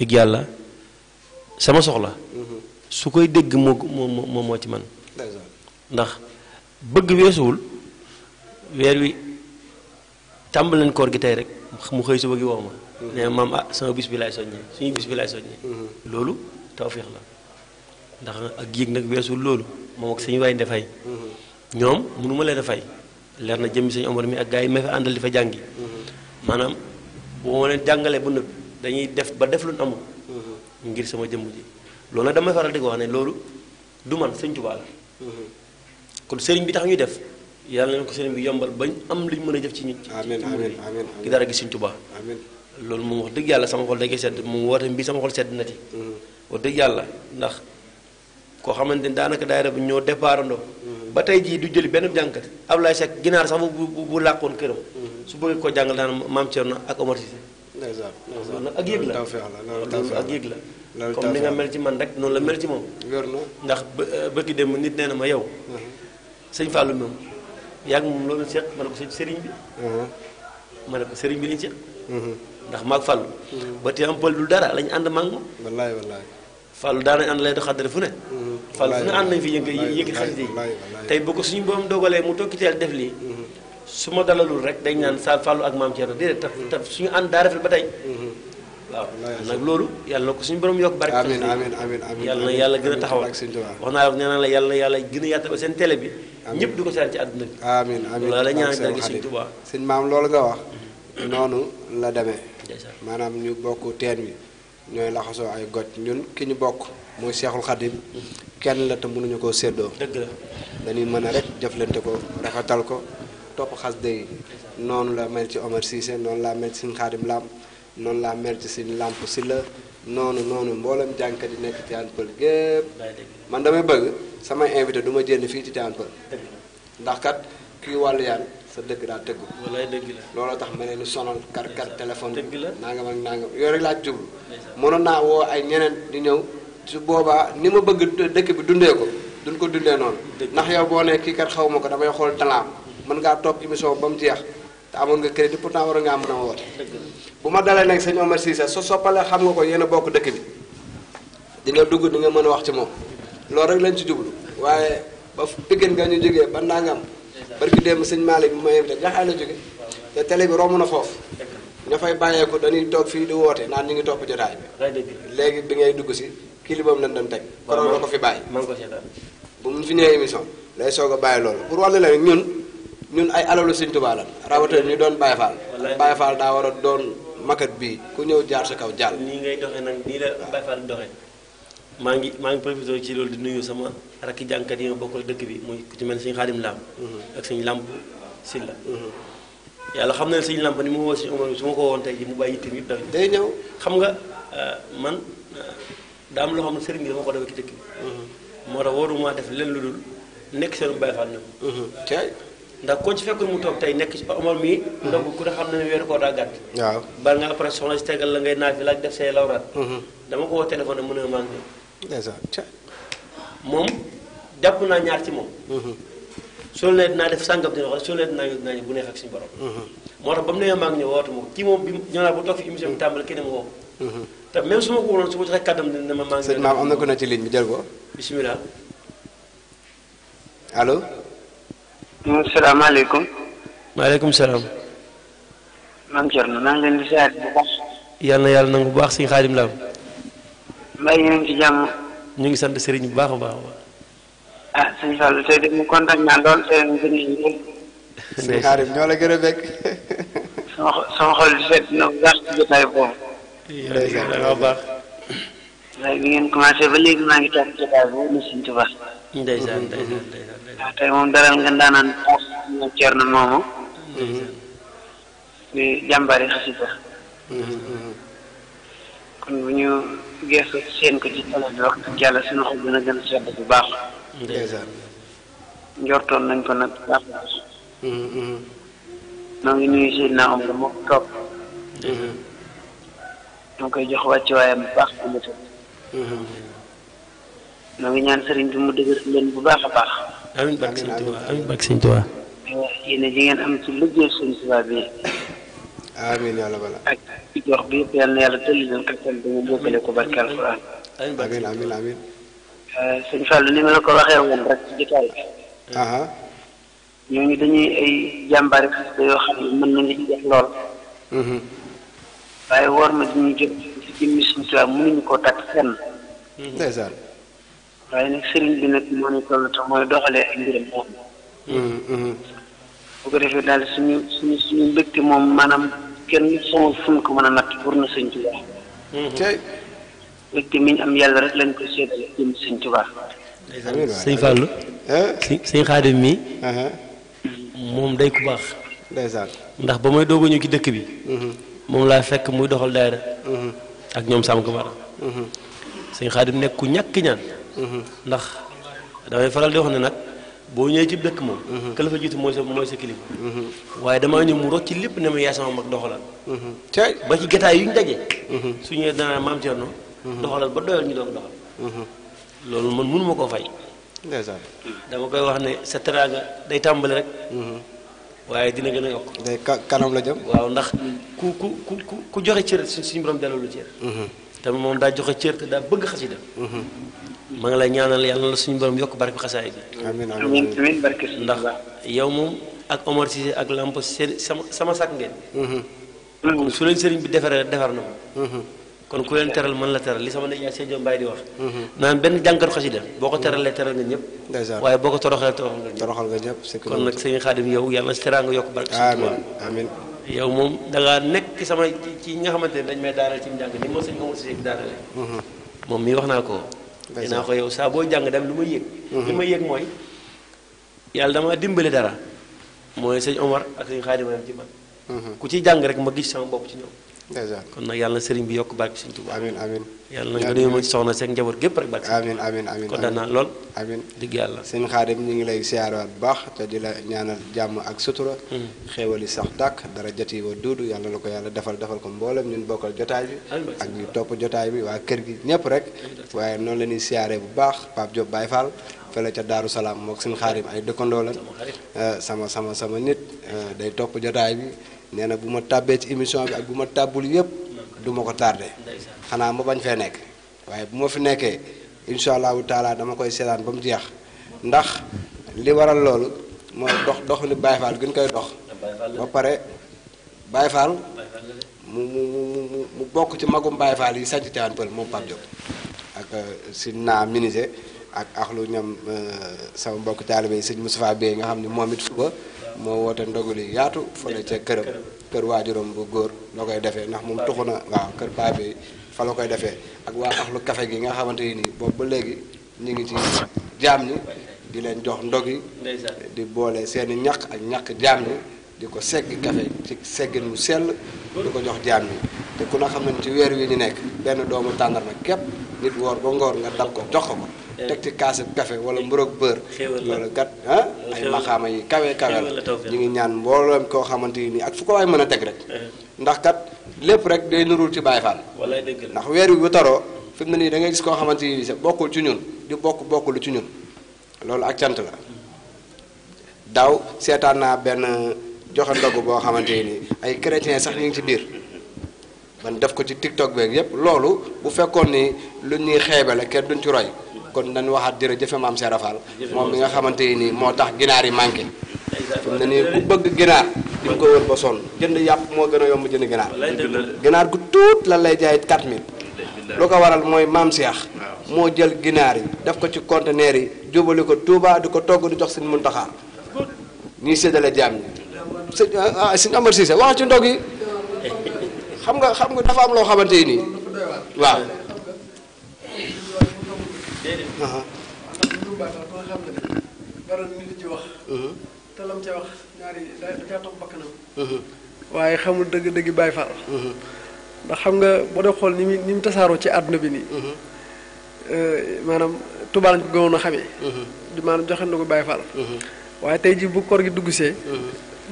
dëgg yàlla sama soxla su koy dégg moo moo moo ci man ndax bëgg weesuwul weer wi tàmbali leen koor gi tey rek mu xëy suba gi woo ma ne maam ah sama bis bi laay soññee suñu bis bi laay soññee mhm. loolu tawféex la ndax ak yéeg nag weesuwul loolu moom ak sañu waay dafay mhm. ñoom mënuma leen fay leer na jëm bi sañu omar mi ak gars yi ma fa àndal di fa jàngi mhm. maanaam bu ma leen jàngalee ba noppi dañuy def ba def lu amul. ngir sama jëmm ji loolu nag damay faral di ko wax ne loolu du man sëñ Tuubaa kon sëriñ bi tax ñuy def yàlla nañ ko sëriñ bi yombal bañ am luñ mën a def ci nit. amiin amiin amiin ci dara gi sëñ Tuubaa. loolu moom wax dëgg yàlla sama xol dëgg sedd mu woote mbi sama xol sedd na ci. Mm-hmm. wax dëgg yàlla ndax koo xamante ni daanaka daayira bi ñoo départandoo. Mm-hmm. ba tey jii du jëli benn ab Ablaye Seck ginaar sax bu bu bu làqoon këram. Mm-hmm. su bëggee ko jàngal daan maam Thierno ak Omar Cissé loolu nag ak yëg la loolu ak yëg la comme ni nga mel ci man rek noonu la mel ci moom ndax bëgg dem nit nee na ma yow sëñ Fallou moom yàgg moom loolu seq ma ne ko sëriñ bi ma ne ko sëriñ bi lañ seq ndax maag Fallou ba tey am pël dul dara lañu ànd maag moom wallaay wallaay Fallou daan nañ ànd lay doxadare fu ne Fallou fu ne ànd nañ fi yëngu yëngi xarit yi tey bu ko suñu boom dogalee mu tokkiteel def lii su ma dalalul rek dañ naan Sall Fallou ak maam Thierno déedéet taf taf suñu ànd daa ba tey. Mm-hmm. waaw nag loolu yàlla na ko suñu borom yokk barke. amiin amiin amiin amiin yàlla na yàlla gën a taxawal wax naa la nee la yàlla na gën a yaatal seen ñëpp di ko seet ci àdduna bi. amiin amiin loolu la ñaan dargi Sëñ Tuubaa. maam loolu nga wax. Mm-hmm. noonu la demee. maanaam ñu bokk teen bi ñooy laxasoo ay goj ñun ki ñu bokk mooy Seexul Xadim mm-hmm. kenn la te mënuñu koo séddoo. dëgg la dañuy mën a rek jëflante ko rafetal ko topp xasida yi noonu la mel ci Omar Cissé noonu laa mel ci suñu Xaadim Lamp noonu laa mel ci suñu Lamp si la noonu noonu mboolem jànkat yi nekk Tivaouane Peulh gépp man damay bëgg samay invité duma ma jënd fii ci Tivaouane Peulh ndax kat kii wàllu yaan sa dëkk daa tëgg walaay dëgg la looloo tax ma ne lu sonal kar kar téléphone bi la nangam ak nangam yooyu rek laa jublu mënoon naa woo ay ñeneen di ñëw su boobaa ni ma bëgg dëkk bi dundee ko duñ ko dundee noonu ndax yow boo ne kii kat xaw ko damay xool talaam man nga top émission bam jeex ta amone nga crédit pourtant war nga mën a woote bu ma dalee Omar Cissé so sopalé xam nga ko yéen bokk dëkk bi di nga dugg di nga mëna wax ci mom lool rek lañ ci djublu waaye ba pigen nga ñu jógee ba ndangam barki dem sëñ Malik mu ma invité jaxaay la jóge te télé bi romu na fof nga fay ko dañuy toog fi di wote naan ñi ngi topp jotaay bi légui bi ngay dugg si kilibam lañ dañ tek konoon la ko fi bàyyi bu mu fi ñëw émission lay soga bayé lool pour walé la ñun ñun ay alalu sëñ Tuubaa la rawatina ñu doon Baye Fall Baye Fall daa war a doon makat bii ku ñëw jaar sa kaw jàll. nii ngay doxee nag nii la Baye Fall doxee maa ngi maa ngi profité ci loolu di nuyu sama rakki jànkat yi nga bokkal dëkk bi muy ku ci mel sëñ Xaadim Lamb mhm. ak sëñ mhm. xam na ne sëñ mu su ma ko woon tey ji mu bàyyi itam yëpp daw day ñëw xam nga euh, man euh, daa am loo xam ne sëriñ bi dama ko defee ci dëkk bi mhm. moo tax waruma def leen lu dul nekk seen Baye Fall ñoom ndax koo ci fekkoon mu toog tey nekk ci Omar mii. ndox ku ne xam na ne weeru koor daa gàtt. waaw bal nga après soxna si tegal la ngay naafi la laa def say lawraat. Mhm. dama ko woo téléphone rek moom jàpp naa ñaar ci moom. Mhm. soo leen dinaa def sàngam dina wax soo bu neex ak suñu borom. Mhm. moo ba mu ne maa ñëw woote ma ko kii moom bi ñëw naa bu toog fi émission bi tàmbali kenn mu woo. te même su ma ko wóoroon su ma joxee kàddam dina ma maa maam am na ko ne ci ligne bi jël ko. bisimilah allo. asalaamaaleykum. maaleykum salaam. maam Thierno maa ngi leen di ziar bu yàlla na yàlla nangu bu baax si xaadim laam. mbay ñu ngi ci jàmm. ñu ngi sant sëriñ bu baax a baax. ah sëñ Fallou tey de mu kontaan naa lool tey mu gën a yéen. sëñ xaadim ñoo la gën a bekk. sama sama xol di seet bu baax ci jotaay boobu. yàlla na baax. waaye bi ngeen commencé ba léegi maa ngi toog jotaay boobu na sëñ Tuubaa. Mhm, mhm. ndeysaan ndeysaan ndeysaan tey moom dalal nga ndaanaan Cerno moomu di jàmbari xasida mhm, kon bu ñu geesu seen ko ci télé bi wax dëgg yàlla suñu xol dina gën a sedd bu baax ndeysaan njortoon nañ ko nag baax noo ngi nuyu Seydina Omar moom toog ñoo koy jox wàcc waayam bu baax amatul noo ngi ñaan sëriñ bi mu dëgër leen bu baax a baax amin bak sëriñ tuba amin bak sëriñ tuba ya, yéen ji ngeen am ci liggéey sëriñ tuba bi amin yàlla bala ak ci dox bi yëpp yàlla na yàlla tëlli leen kattan mu yóbbale ko barke alquran amin bak amin amin amin eh, sëriñ fàllu ni ma la ko waxee woon rek ci jotaay aha ñooñu dañuy ay jàmbaari xasida yoo xam ne mën nañu ci def lool waaye war ma diñu jot ci jëmmi sëriñ tuba mënuñu koo takk fenn ndeysaan waaye nag sëriñ bi nag moo ñu toll te mooy doxalee ak mbiram moom. Mm, mm. bu ko daal suñu suñu suñu mbégte moom maanaam kenn xamul fu ko mën natt pour na sëñ Tuubaa. Mm-hmm. tey. mbégte mi ñu am yàlla ko seetlu jëm sëñ Tuubaa. sëñ Fallou. sëñ Xaadim mi. moom day ku baax. ndeysaan ndax ba may doog a ñëw ci dëkk bi. Mm-hmm. moom laa fekk muy doxal daayira. Mm-hmm. ak ñoom Sam Kamara. sëñ Xaadim nekk ku ñàkk ñaan. ndax damay faral di wax ne nag boo ñëwee ci dëkk moom mhm. ka la mooy sa mooy mhm. waaye damaa ñëw mu rot ci lépp ne ma yaay sama mag doxalal tey mhm. ba ci gataay yu ñu daje su ñëwee danaa maam Thierno doxalal ba doyal ñu doog doxal loolu man mënu ma koo fay dama koy wax ne sa teraanga day tàmbali rek waaye dina gën a yokk day kanam la jëm waaw ndax ku ku ku ku joxe cër suñu borom delloo lu cër te moom daa joxe cër te daa bëgg xasida ma ngi lay ñaanal yàlla la suñu borom yokk barke xasaay bi amiin amiin amiin barke ndax yow moom ak Omar Cissé ak Lamp seen sama sama sàkk ngeen mm-hmm. Mm-hmm. su leen sëriñ bi defaree defar na ma mm-hmm. kon ku leen teral man la teral li sama ne yaa seen bàyyi di wax naan benn jànkat xasida boo ko teralee teral nga ñëpp waaye boo ko toroxalee toroxal nga ñëpp kon nag sëñ Xaadim yow yàlla si teraa nga yokk barke amiin amiin yow moom da ngaa nekk sama ci nga xamante ne dañ may daaral ci njàng ni sëñ daaralee moom wax naa ko nee ko yow saa boo jàng dem lu may yëg mhm. li may yëg mooy yàlla dama dimbali dara mooy sëñ Omar ak sëñ Xaadim ci man mhm. ku ci jàng rek ma gis sama bopp ci ñoom kon nag yàlla na sëriñ bi yokk barke Sëriñ Tuubaa amiin amiin yàlla na nga nuyu ma soxna seeg njaboot gépp rek barke amiin amiin amiin kontaan naa lool amiin digg yàlla sëñ Xaadim ñu ngi lay siyaaraat bu baax te di la ñaanal jàmm ak sutura hmm. xéewal yi sax dàkk dara jati wa duudu yàlla la ko yàlla defal defal ko mboolem ñun bokkal jotaay bi ak ñu topp jotaay bi waa kër gi ñépp rek waaye noonu la ñuy siyaare bu baax Pape Diop Baye Fall fële ca Daaru Salaam mook sëñ Xaadim ay dëkkandoo lañ sama eh, sama sama nit eh, nee na bu ma tàbbee ci émission bi ak bu ma tàbbul yëpp duma ko tardé xanaa ma bañ fee nekk waaye bu ma fi nekkee incha allahu taala dama koy seetaan ba mu jeex ndax li waral loolu mooy dox dox ni Baye Fall gën koy dox ba pare Baye Fall mu mu mu mu bokk ci magum Baye Fall yi sanc Tivaouane Peulh moom Pape Diop ak euh, si naa minise ak axlu ñoom euh, sama mbokk taalibe yi sëñ Moustapha Bey nga xam ni moom it suba moo woote ndogalu yaatu fële ca këram kër waajuram bu góor loo koy defee ndax moom tuxu na waaw kër pape fa la koy defee ak waa axlu kafe gi nga xamante ni nii boobu ba léegi ñu ngi ci jaam ñi di leen jox ndog yi di boole seeni ñaq ak ñaq jaam ñi diko segg café ci seggin wu sell di jox jaam yi te ku na xamanteni ne wi ni nek ben doomu tàndarma kep nit wor ba ngor nga dal ko jox ko eh. tek ci kasse café wala mbrok beur lolu gat ah ay makama yi kawé kawé ñi ngi ñaan mbooloom ko xamanteni ni ak fu ko waay mën a rek eh. ndax kat lepp rek day nurul ci Baye Fall ndax weer wi bu taroo fi ni da ngay gis ko xamanteni ni sa bokkul ci ñun di bokku bokku lu ci ñun lolu ak cant la daw seetaan naa benn joxe ndogu boo xamante ni ay chrétien sax ñu ngi ci biir man def ko ci tiktok beeg yépp loolu bu fekkoon ni lu ñuy xeebe la kenn duñ ci roy kon dañ waxaat jërëjëfe maam serafal moom mi nga xamante ni moo tax ginaar yi manqué fi ne nii ku bëgg ginaar di ko wër ba son jënd yàpp moo gën a yomb jënd ginaar ginaar gu tuut la lay jaay 4000 lu ko waral mooy maam seex moo jël ginaar yi def ko ci conteneur yi jubali ko Touba di ko togg di jox suñ muntaxaar ñuy séddale jaam ñi sëñ Amar Cissé wax ci ndog yi xam nga xam nga dafa am loo xamante yi nii waaye xamul dëgg-dëgg Baye Fall ndax xam nga boo dee xool ni mu ni mu tasaaroo ci àdduna bi nii eh, maanaam Tuubaa lañ ko gënoon a xamee maanaam joxe na ko Baye Fall waaye tey ji bu koor gi dugg see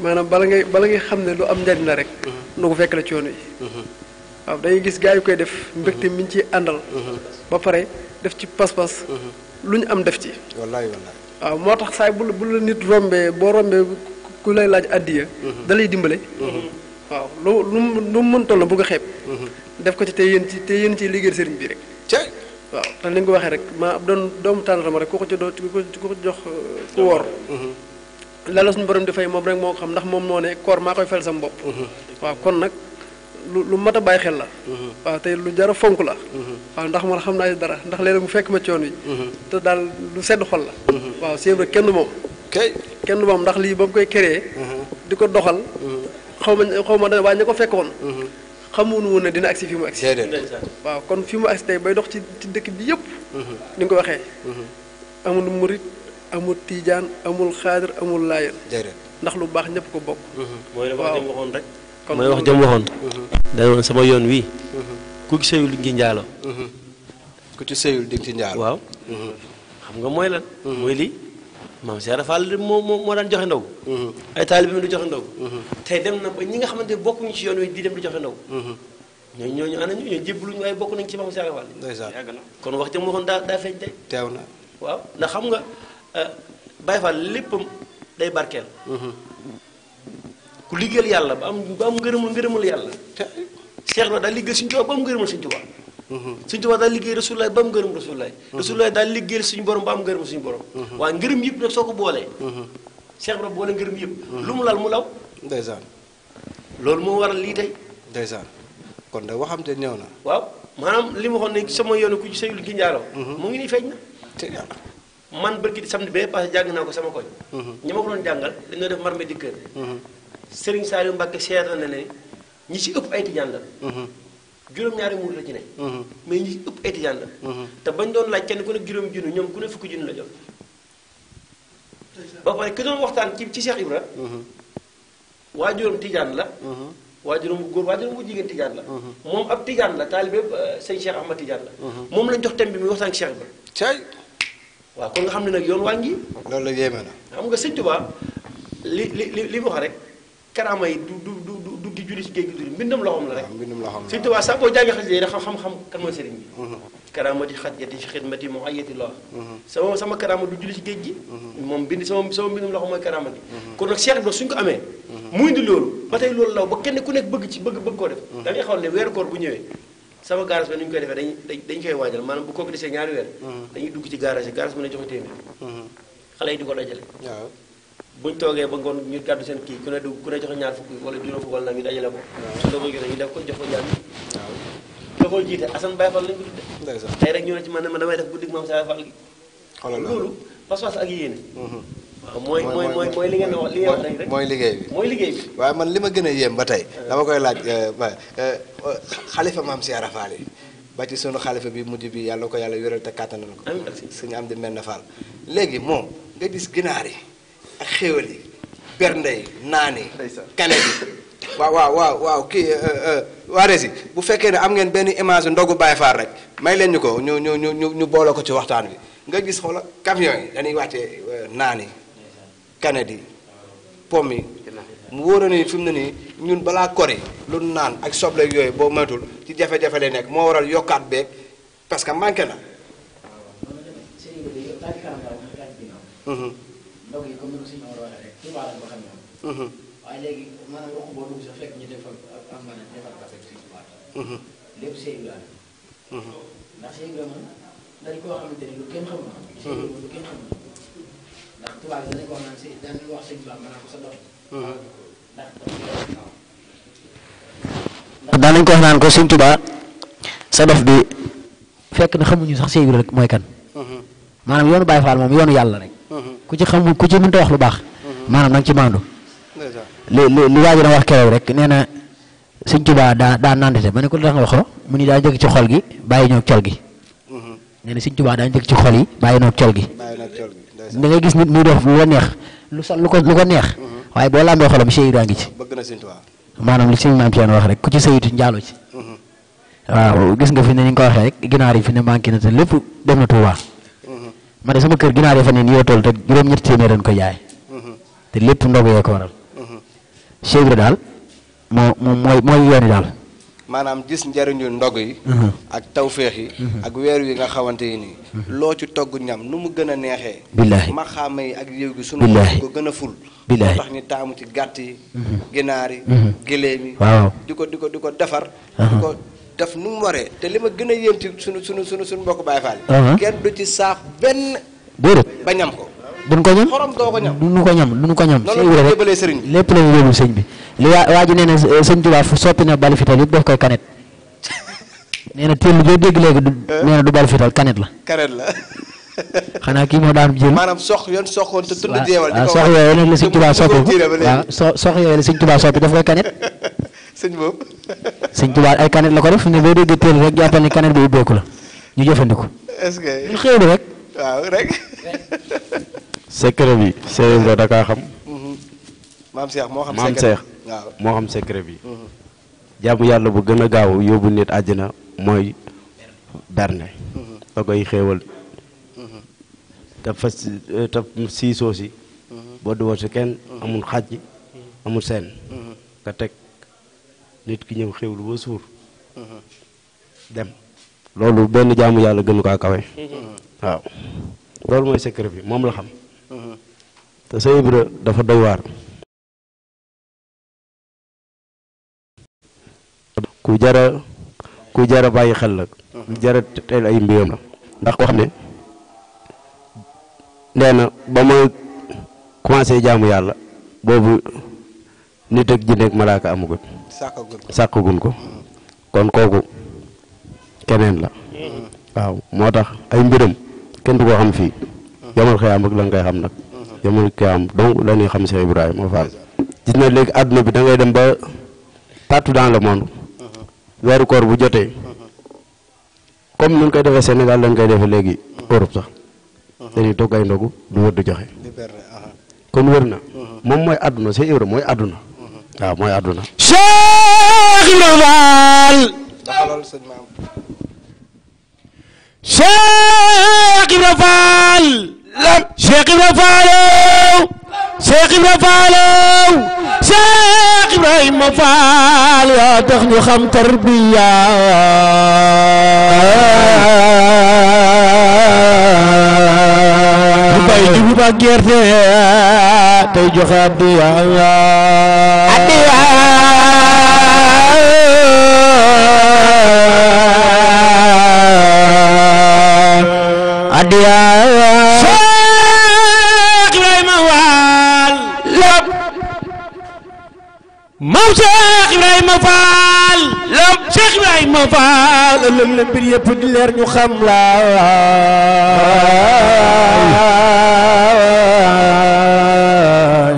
maanaam bala ngay bala ngay xam ne lu am njariñ la rek. Mhm. nu ko fekk la coono yi. Mhm. waaw dañuy gis gaa yu koy def. Mhm. mbégte mi ñu ciy àndal. ba pare def ci pas-pas. lu ñu am def ci. wallaay wallaay. waaw moo tax saay bu bu la nit rombee boo rombee ku lay laaj àddiya. da lay dimbale. waaw lu lu mu lu mën toll bu nga xeeb. def ko ci te yéen ci te yéen ci liggéeyal sëriñ bi rek. waaw te li nga ko waxee rek maa doon doomu tànnatama rek ku ko ci doo ku ko jox euh, la la suñu borom di fay moom rek moo xam ndax moom moo ne koor maa koy fel sam bopp mhm. waaw kon nag lu lu mat a bàyyi xel la mhm. waaw te lu jar a fonk la mhm. waaw ndax man xam naa dara ndax léeg-léeg mu fekk ma coon wi te daal lu sedd xol la waaw c'est kenn moom kenn moom ndax lii ba mu koy créer di ko doxal xaw ma xaw ma da waaye ña ko fekkoon xamuñu woon ne dina agsi fi mu agsi waaw kon fi mu agsi tey bay dox ci ci dëkk bi yëpp ni nga ko waxee amul mu amul tiijaan amul xaadir amul laayeen. ndax lu baax ñëpp ko bokk. Mhm. mooy wax jëm waxoon rek. mooy wax jëm waxoon. Mhm. danoon yoon wi mhm. ku ci sëyul di njaalo. ku ci waaw. xam nga mooy lan. mooy lii maam Cheikh Fall moo moo daan joxe ndaw. ay taalibe mi du joxe ndaw. tey dem na ba ñi nga xamante ne bokkuñu ci yoon wi di dem di joxe ndaw. ñooñu ñooñu ana ñooñu jébbaluñu waaye bokk nañ ci maam Cheikh Fall. ndeysaan kon wax jëm waxoon daa daa feeñ tey. teew na waaw ndax xam nga. Baay Faal léppam day barkeel. ku liggéeyal yàlla ba am ba am ngërëmul ngërëmul yàlla. Seex na daal liggéey Sëñ Tuubaa ba am ngërëmul Sëñ Tuubaa. Mhm. Sëñ Tuubaa daal liggéey Rasulullaay ba am ngërëm Rasulullaay. Mhm. Rasulullaay daal liggéeyal suñu borom ba am ngërëm suñu borom. Mhm. waaye ngërëm yëpp nag soo ko boolee. Seex na boole ngërëm yëpp. lu mu lal mu law. ndeysaan. loolu moo waral lii tey. ndeysaan kon de waxamte na. waaw maanaam li ma waxoon ne sama yoon man barki samedi bee parce que jàng naa ko sama koñ. Mhm. ñi ma ko doon jàngal dañoo def marmé di kër. Mhm. Serigne Saliou Mbacke seetal na ne ñi ci ëpp ay tijaan la. Mhm. juróom-ñaari la ci ne. mais ñi ci ëpp ay la. te bañ doon laaj kenn ku ne juróom junni ñoom ku ne fukki junni la jox. ba pare ki doon waxtaan ci ci Cheikh Ibra. waa juróom tijaan la. waajuram bu góor waajuram bu jigéen tijaan la moom ab tijaan la taalibe euh, sëñ Cheikh Ahmad tijaan la moom lañ jox thème bi muy waxtaan ak Cheikh Ibra waaw kon nga xam ne nag yoon wàññi. loolu la yéeme na. xam nga sëñ Tuba li li li mu wax rek karaama yi du du du du julli si géej gi du xam-xam kan mooy sëriñ bi. Mhm. karaamati xatiyati si xidmati mu ayati mhm. sama sama karaama du julli si géej gi. Mhm. moom bind sama sama loxo mooy karaama gi. kon nag Cheikh Ibrahima suñ ko amee. muy indi loolu ba tey loolu law ba kenn ku nekk bëgg ci bëgg bëgg koo def. da ngay xool ne weeru bu ñëwee sama garage ba ni ñu koy defee dañ dañ koy waajal maanaam mm-hmm. dugg ci garage yi garage mën a joxe téeméer mm-hmm. xale yi di ko dajale bu ñu toogee ba ngoon ñu gàddu seen kii ku ne dugg ku ne joxe ñaar fukk wala juróom fukk wala ñu dajale ko su la bëggee ñu def ko jox ko jàmm da koo jiite Assane Baye Fall lañ ko rek ñu ne ci man ne man damay def guddi maam Saa Fall gi loolu pas-pas ak yéene mm-hmm. mooy liggéey bi mooy liggéey waaye man li ma gën a yéem ba tey. dama koy laaj ba euh, euh, xalifa maam si arafaal yi ba ci sunu xalifa bi mujj bi yàlla ko yàlla wéral te kàttanal ko. suñu am di mel na faal. léegi moom nga gis ginaar yi ak xéwal yi bernde yi naan yi. kane bi waaw waaw waaw kii euh, waarees yi bu fekkee ne am ngeen benn image ndogu Baye Fall rek may leen ñu ko ñu ñu ñu ñu boole ko ci waxtaan bi nga gis xoola camion yi dañuy wàccee naan yi kanadi pomme mu wóor ni fi ne nii ñun balaa kori lu naan ak soble yooyu boo moytul ci jafe-jafe lay nekk moo waral yokkaat beeg parce que manqué na. Mmh. Mmh. Mmh. ndax tubaab bi dañu naan si dañu wax sëñ Bamba ko sa doom. ndax daanañ ko wax sa dof bi fekk na xamuñu sax sëñ rek mooy kan. maanaam yoonu Baye Fall moom yoonu yàlla rek. ku ci xamul ku ci mënta wax lu baax. maanaam na ci maandu. li li li waaj a wax keroog rek nee na sëñ Tuubaa daa daa nandite ma ne ko li tax nga wax ko mu ni daa njëkk ci xol gi bàyyi ñoog col gi. nee na sëñ daa njëkk ci xol yi bàyyi ñoog col gi. da ngay gis nit muy def lu la neex lu sa lu ko lu ko neex mm-hmm. waaye boo làmbee xolam séy daa ngi ci maanaam lu sëñ maam Thierno wax rek ku ci saytu njaalo ci mm-hmm. waaw gis nga fi ne ni nga ko waxee rek ginaar yi fi ne manqué na te lépp dem na Touba mm-hmm. ma ne sama kër ginaar yi fa ne yoo toll te juróom-ñetti téeméer dañ ko jaay te lépp ndogu yee ko waral Cheikh daal moo moo mooy mooy yoon yi daal maanaam gis njariñu ndog yi mhm. ak tawféex yi mhm. ak weer yi nga xamante yi nii mhm. loo ci togg ñam nu mu gën a neexee billaahi maxaama yi ak yëw gi sunu ko gën a ful billaahi tax ñu taamu ci gàtt yi ginaar yi géléem yi di ko di ko di ko defar di uh-huh. ko def nu mu waree te li ma gën a yéem ci sunu sunu sunu suñu mbokk Baay Faal uh-huh. kenn du ci saaf benn déedéet ba ñam ko duñ ko ñam xorom ko ñam duñ ko ñam duñ ko ñam lépp la ñu yóbbu sëñ bi li eh, boo dégg léegi du eh? nee la kanet la xanaa kii moo daan jël maanaam sox yoon soxoon te tudd jeewal waaw sox yooyu nag la sëñ Tuubaa soppi boo dégg téel rek jàppal ni kanet bi ubbeeku rek waaw rek secret bi Cheikh Ibra da kaa xam. Mhm. maam Cheikh moo moo xam secret bi. Mhm. jaamu yàlla bu gën a gaaw yóbbu nit àjjana mooy berne. Mhm. da koy xéewal. te siisoo si. boo du si kenn amul xàjj amul seen. nga teg nit ki ñëw xéewlu ba suur. dem loolu benn jaamu yàlla gënu kaa kawe. waaw loolu mooy secret bi moom la xam. te sey bi dafa doy war ku jara ku jara bàyyi xel la jara teel ay mbiyam la ndax ko xamne neena ba ma commencé jaamu yalla bobu nit ak jinne ak malaka sakagul ko kon koku kenen la mm-hmm. waaw motax ay mbiram kën du ko xam fi yamal xiyaam ak la ngay xam nag yamal xiyaam donc la xam Cheikh Ibrahima Fall gis na léegi àdduna bi da ngay dem ba partout dans le monde weeru koor bu jotee comme nun koy defee Sénégal lañ koy defee léegi Europe sax dañuy togg ndogu du wër du joxe kon wër na moom mooy àdduna Cheikh Ibrahima mooy àdduna waaw lam Cheikh Ibra Faal Cheikh Ibra Faal Cheikh Ibrahima Faal yaa tax ñu xam tarbiya bu bay jibu ba gerte tey joxe addiya addiya addiya moom Cheikh Ibrahima Fall. lépp Cheikh Ibrahima Fall. ëllëg la mbir yëpp di leer ñu xam la.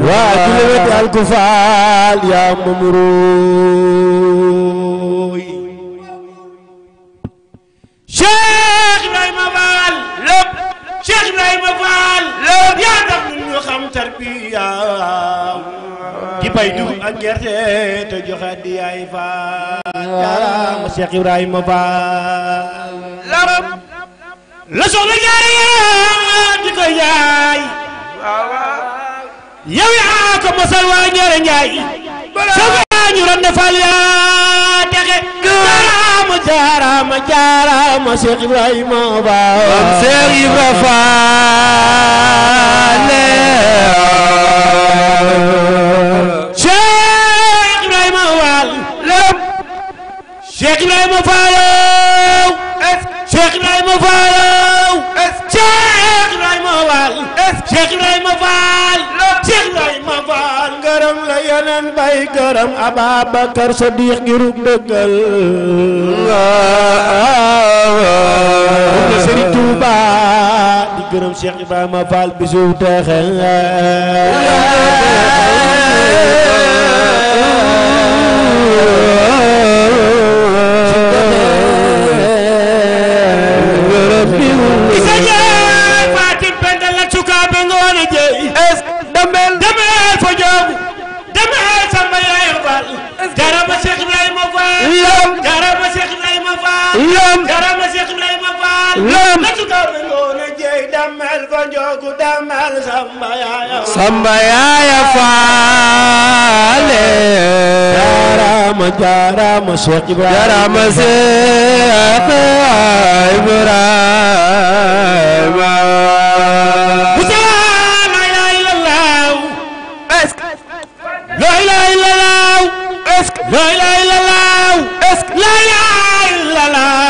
waa ci la wetu alku Fall yaa moom ruuy. Cheikh Ibrahima Fall. lépp Cheikh Ibrahima Fall. lépp yaa tax ñu xam tarbiya bay dugub ak gerte a joxe di yaay faal jaaraama Cheikh Ibrahima Faal laram la soxla ko yaay yow yaa ko mosal waa Ndiara Ndiaye ko yaa ñu na faal yaa jaaraama jaaraama Cheikh Ibrahima Ba. am Cheikh Ibra Faal. Cheikh Ibrahima Faal. lépp. Cheikh Ibrahima Faal. Cheikh Ibrahima Faal. Cheikh Ibrahima Faal. Cheikh Ndiaye ma faal gërëm la yeneen bay gërëm Ababacar Sadiq gi rub dëggal waaw Serigne Touba di gërëm Cheikh Ibrahima Fall bisu teexe waaw lam karama Cheikh Ibrahima Fall lam nasukawnona jeey dammel ko njoogu dammel samba yaaya samba yaaya faale jarama jarama Cheikh Ibrahima jarama Cheikh Ibrahima la ilaha illallah est-ce que la ilaha illallah est-ce que la ilaha illallah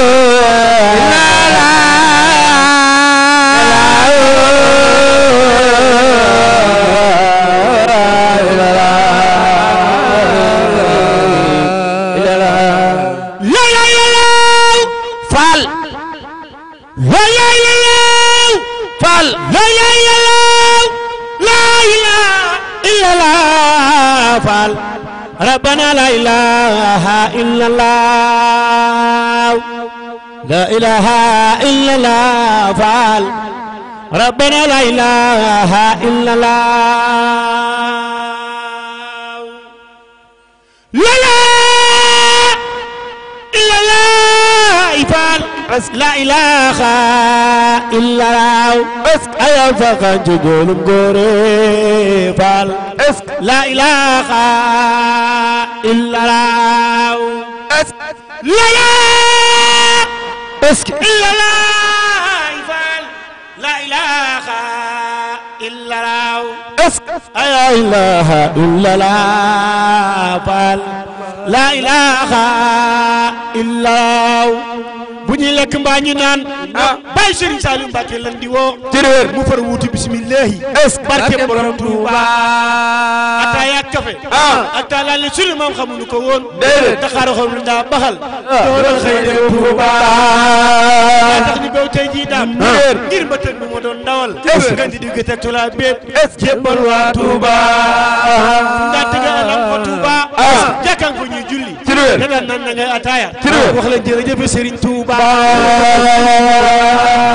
ربنا لا إله إلا الله لا إله إلا الله فعل ربنا لا إله إلا الله لا لا إلا الله فعل لا إله إلا الله أسك أيام فقط جدول قريب فعل اسك لا إله إلا الله اسك لا لا اسك إلا الله لا إله إلا الله اسك لا إله إلا الله لا إله إلا الله bu ñuy lekk mbaa ñu naan ah, ah. bàyyi Serigne Saliou Mbacke lan di woo jërëwér mu far wuuti bismillahi est barke borom Touba ataaya ak café ah ak taalaale sunu ko woon déedéet taxaara xool lu daa baxal ah. dooral xëy de Touba ah. tax ñu bew tey jii daam ngir ma tëdd ma doon di digg teg tulaa béeb jébbal waa Touba ndaa tëgg alam ko Touba jàkkaan ko ñuy julli weer tegal nan na ngay wax la jërëjëf Serigne Touba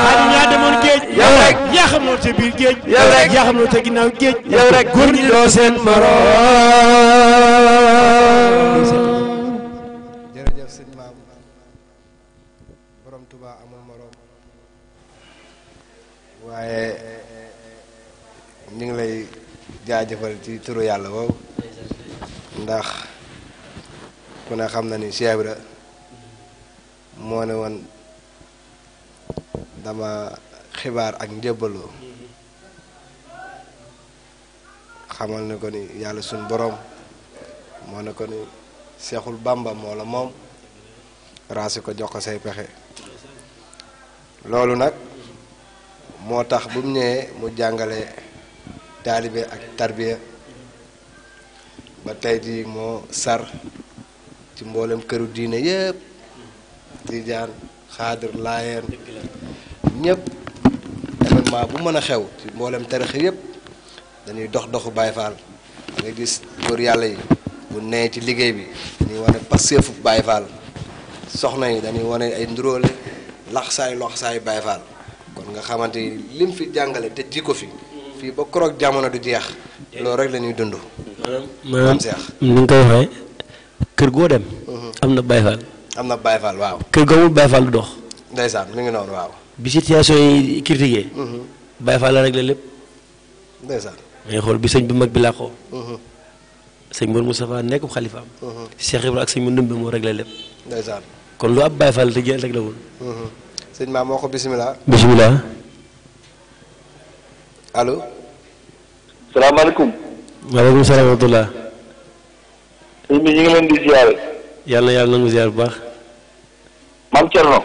xaadim yaa demoon géej yow rek yaa xam loo ca biir géej yow rek yaa xam loo ca ginnaaw seen moroom jërëjëf sëñ maam amul moroom waaye ñu ngi lay jaajëfal ci turu yàlla woowu ndax ku ne xam na ni Cheikh moo ne woon dama xibaar ak njëbbaloo xamal ne ko ni yàlla suñ boroom moo ne ko ni seexul bàmba moo la moom raasi ko jox ko say pexe loolu nag moo tax bu mu ñëwee mu jàngale taalibe ak tarbiya ba tey jii moo sar ci mbooleem këru diine yëpp tijaan xaadir laayeen ñëpp événement bu mën a xew ci mbooleem tarax yëpp dañuy dox doxu Baay nga gis góor yàlla yi bu nee ci liggéey bi dañuy wane passeefu Baay Faal soxna yi dañuy wane ay nduróole laxsaay laxsaay Baay Faal kon nga xamante ni lim fi jàngale te ji ko fi fii ba koroog jamono di jeex loolu rek la ñuy dund maanaam maanaam kër goo dem. Mhm. am na Baye Fall. am na Baye Fall waaw. kër goo amul Baye Fall du dox. ndeysaan mi ngi noonu waaw. bi situation yi critiqué. Mhm. Baye Fall la réglé lépp. ndeysaan. ngay xool bi sëñ bi mag bi laa ko. Mhm. sëñ Mor Moustapha nekk xalifaam. Cheikh Ibrahima ak sëñ Mor Ndumbe moo réglé lépp. kon lu ab Baye Fall te jël réglé wul. sëñ maam moo ko bisimilah. bisimilah. allo. salaamaaleykum. maaleykum salaam sëñ bi ñu yàlla na yàlla nangu ziare bu baax. maam Thierno.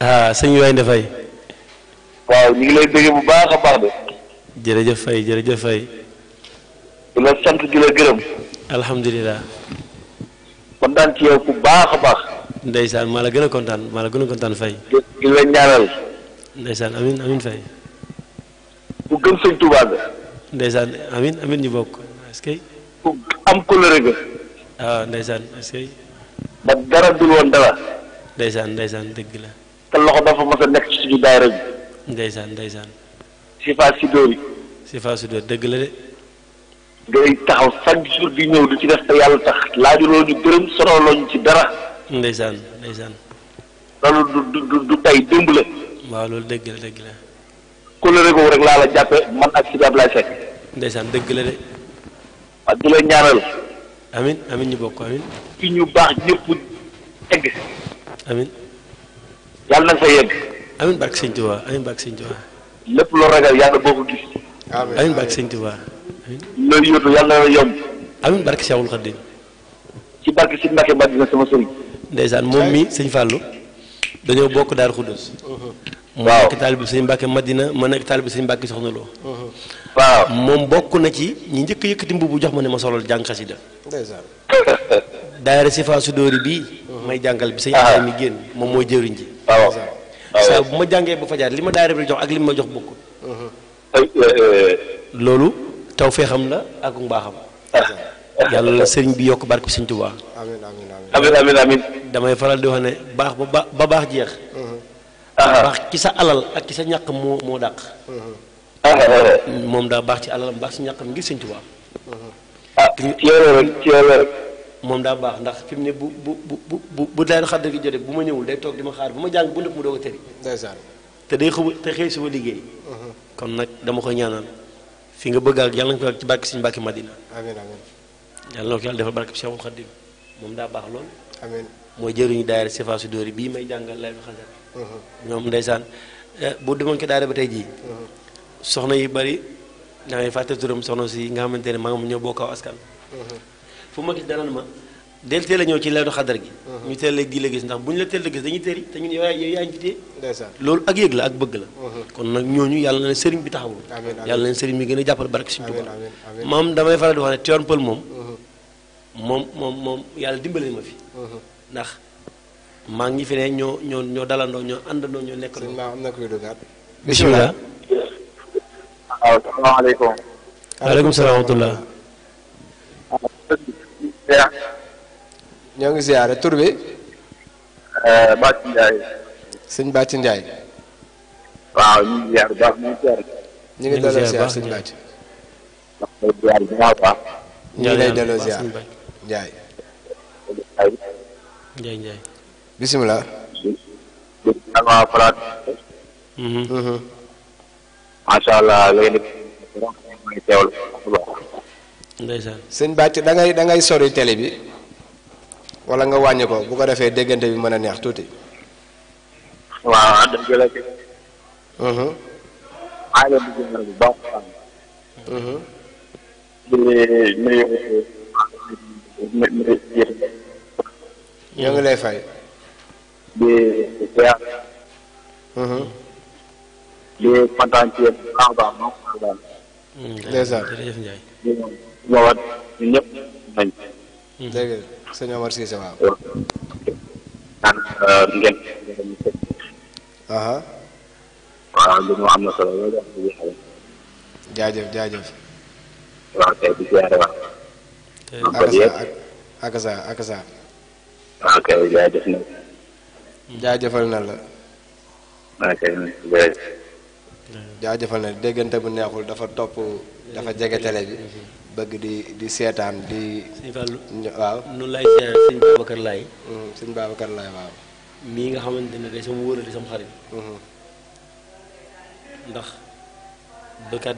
ah sëñ waay Ndefay. waaw ñu ngi lay bëgg bu baax a baax de. jërëjëf Faye jërëjëf Faye. di la sant di la gërëm. alhamdulilah. kontaan ci yow bu baax a baax. ndeysaan maa la gën a kontaan maa la gën a kontaan Faye. di la ñaanal. ndeysaan amin amin Faye. ku gëm sëñ Tuubaa nga. ndeysaan amin amin ñu bokk est am kóllëre nga. waaw ah, ndeysaan saan ba dara dul woon dara ndeysaan ndeysaan dëgg la te loxo dafa mos a nekk ci suñu daayira bi ndeysaan ndeysaan sifa si dóor yi sifa si dóor dëgg la de ngay taxaw chaque jour di ñëw di ci def te yàlla tax laajuloo ñu gërëm sonaloo ñu ci dara ndeysaan ndeysaan loolu du du du tey démb la waaw loolu dëgg la dëgg la kóllëre googu rek laa la jàppe man ak si Ablaye Seck ndeysaan dëgg la de waaw di la ñaanal amin amin ñu baax ñëpp egg si amin yàlla nag fa lépp loo ragal yàlla boo ko gis amin barke sëñ Tuubaa loolu yóotu yàlla na yomb amin barke ci barke si Mbàkke Madina sama sëriñ ndeysaan moom mi sëñ Fallou dañoo bokk Daaru Xuddus mu nekk taalibu sëñ Mbàkke Madina ma nekk taalibu sëñ Mbàkke Soxna Lo waaw moom bokk na ci ñi njëkk yëkkati bu jox ma ne ma solal jàng xasida daayira Sifaa su doori bi mhm. may jangal bi sey ay ah. mi gene mom mo jëriñ ji ah, ah, sa bu ma fajar lima daara bi jox ak lima jox bokku mhm. eh, eh. lolu taw feexam la ak mbaaxam yàlla sëriñ bi yokk barke Amin amin amin. amin amin damay faral di wax bax ba bax jeex mhm. bax ki sa alal ak ki sa ñak mo mo dak mom eh, da bax ci alal bax ci ñak touba ah yow rek yow moom daa baax ndax fi mu ne bu bu bu bu bu daal xar dëgg jotee bu ma ñëwul day toog di ma xaar bu ma jàng bu ndëpp mu doog ko tëri. ndeysaan te day xëw te xëy suba liggéey. Uh-huh. kon nag dama koy ñaanal fi nga bëgg ak yàlla na ko ak ci barke Sëñ Mbàkke Madina. amiin amiin yàlla na ko yàlla defal barke Cheikhul Khadim moom daa baax lool. amiin mooy jëriñu daayira Sifa su dóori bii may jàngal lay xasal. Uh-huh. ñoom ndeysaan eh, bu demoon ko daayira ba tey jii. Uh-huh. soxna yi bari da ngay fàtte turam soxna si nga xamante ne maa ngi ñëw bokkaw askan. Mhm. ma gis dana ma del teel a ñëw ci leeru xadar gi. Mhm. ñu teel a gile gis ndax bu ñu la teel a gis dañuy te ñun yow yaa yow yaa ñu ci ak yëg la mhm. kon nag ñooñu yàlla na leen sëriñ bi taxawul. yàlla na leen sëriñ gën a jàppal barke Sëriñ moom damay faral di wax moom. moom moom yàlla dimbali ma fi. ndax maa ngi fi ne ñoo ñoo dalandoo ñoo àndandoo ñoo nekk. bisimilah am na kuy dugaat. bisimilah. waaw salaamaaleykum. waaleykum salaam ñoo ngi ziare tur bi. Eh, Bacim Ndiaye. sëñ Bacim Ndiaye. waaw ngi ziare baax ñu ngi ziare. ngi delloo ziare sëñ Bacim. ñu lay delloo ziare Ndiaye. Ndiaye macha allah léegi ndeysaan sëñ bàcc da ngay da ngay sori télé bi wala nga wàññi ko bu ko defee déggante bi mën a neex tuuti. waaw. ngi lay fay. di kontaan ci yéen bu a waaw. Euh, ngeen. waaw li mu am na solo na. la. jaajëfal na déggante bu neexul dafa topp dafa jege télé bi bëgg di di seetaan di waaw nu lay siyaare sëñ Babacar Laye mm, sëñ waaw mii nga xamante ne day sama wóorale sama mm-hmm.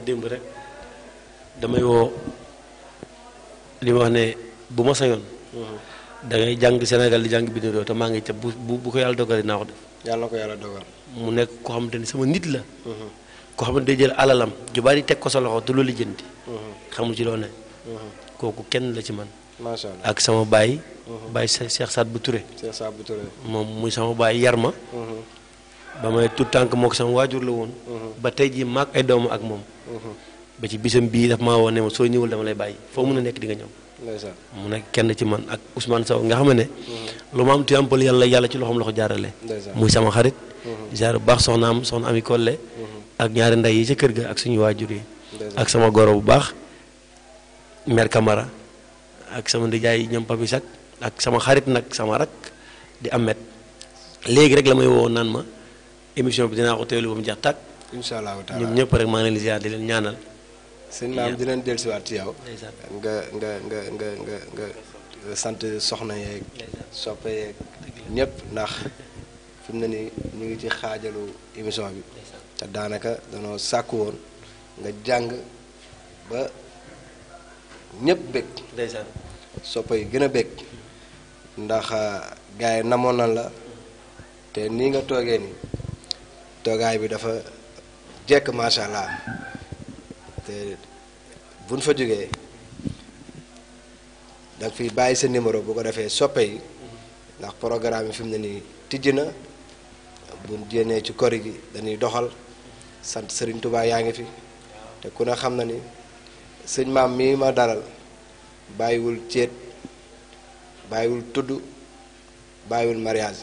démb rek damay woo wax ne bu ma sañoon mm-hmm. da jàng Sénégal di jàng bitim réew te maa ngi ca bu bu ko yàlla dogal dinaa ko def yàlla ko yàlla dogal mu nekk ko xamante ni sama nit la mm-hmm. ko xam ne day jël alalam ju bari teg ko sa loxo te lu lijjanti. xamul ci loo ne. kooku kenn la ci man macha allah ak sama baay. Mhm. baay Cheikh Saad bu Touré. Cheikh Saad bu Touré. moom muy sama baay yar ma. Mhm. ba may tout tànk moo ko sama waajur la woon. Mhm. ba tey ji maag ay doom ak moom. ba ci bisam bii daf maa woon ne ma soo ñëwul dama lay bàyyi foo mun a nekk di nga mu nekk kenn ci man ak Ousmane Sow nga xam ne. lu ma am Tivaouane Peulh yàlla yàlla ci loxoom loxo jaarale. muy sama xarit. jaar ak ñaari ndey yi ca kër ga ak suñu waajur yi ak sama goro bu baax mère Camara ak sama ndijaay ñoom Papi Sack ak sama xarit nag sama rak di amet léegi rek la may woo naan ma émission bi dinaa ko teelu ba mu jeex tàkk ñëpp rek maa di leen ñaanal sëñ maam dinañ dellusiwaat ci yow nga nga nga nga nga soxna yeeg ñëpp ndax fi ne ni ñu ngi ci xaajalu émission bi daanaka danoo sàkku woon nga jàng ba ñëpp bég soppa yi gën a bég ndax ah, gars yi namoon nan la te nii nga toogee ni toogaay bi dafa jekk macha allah te buñ fa jógee da fiy bàyyi sa numéro bu ko defee soppe yi ndax programme yi fi mu ne nii tijji na bu jénnee ci kori gi dañuy doxal sant Serigne Touba yaa ngi fi te ku ne xam na ni sëñ maam mii ma dalal bàyyiwul ceet bàyyiwul tudd bàyyiwul mariage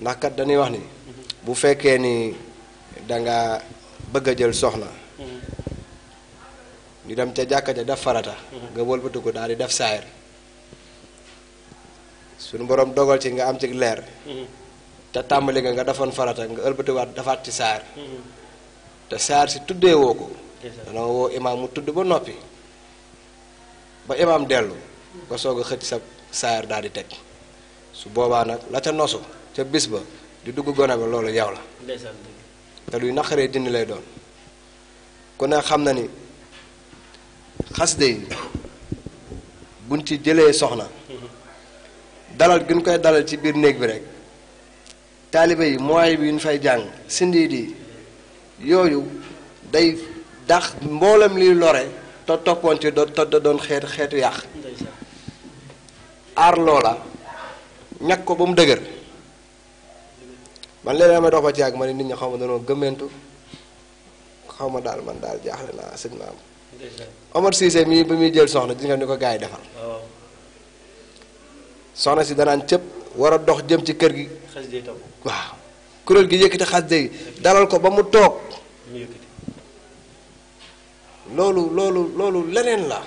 ndax kat dañuy wax ni bu fekkee ni danga bëgg a jël soxna ñu dem ca jàkka ja def farata nga wëlbatiku daal di def saayir sunu borom dogal ci nga am ci leer te tàmbali nga nga defoon farata nga ëlbatiwaat defaat ci saar te saar si tuddee woo ko dana woo imaam mu tudd ba noppi ba imaam dellu nga soog a xëcc sa saar daal di teg su boobaa nag la ca nosu ca bis ba di dugg gone ba loolu yow la te luy naqaree dindi lay doon ku ne xam na ni xasida yi buñ ci jëlee soxna mm-hmm. dalal gi ñu koy dalal ci biir néeg bi rek talibé yi moy bi ñu fay jàng sindiidi yoyu day dax li liy lore te toppoon ci do te doon xéet xeetu yaax ar lola ñak ko bu mu dëgër man léeg-léeg ma dox ba ci ak man nit ñi xawma dañu gëmentu xawma dal man dal jaaxle na sëñ maam Omar Cissé mi bu mi jël soxna gis nga ni ko gaay defal soxna si danaan ñëpp wara dox jëm ci kër gi waaw kuréel gi yëkkati xasida yi dalal ko ba mu toog loolu loolu loolu leneen la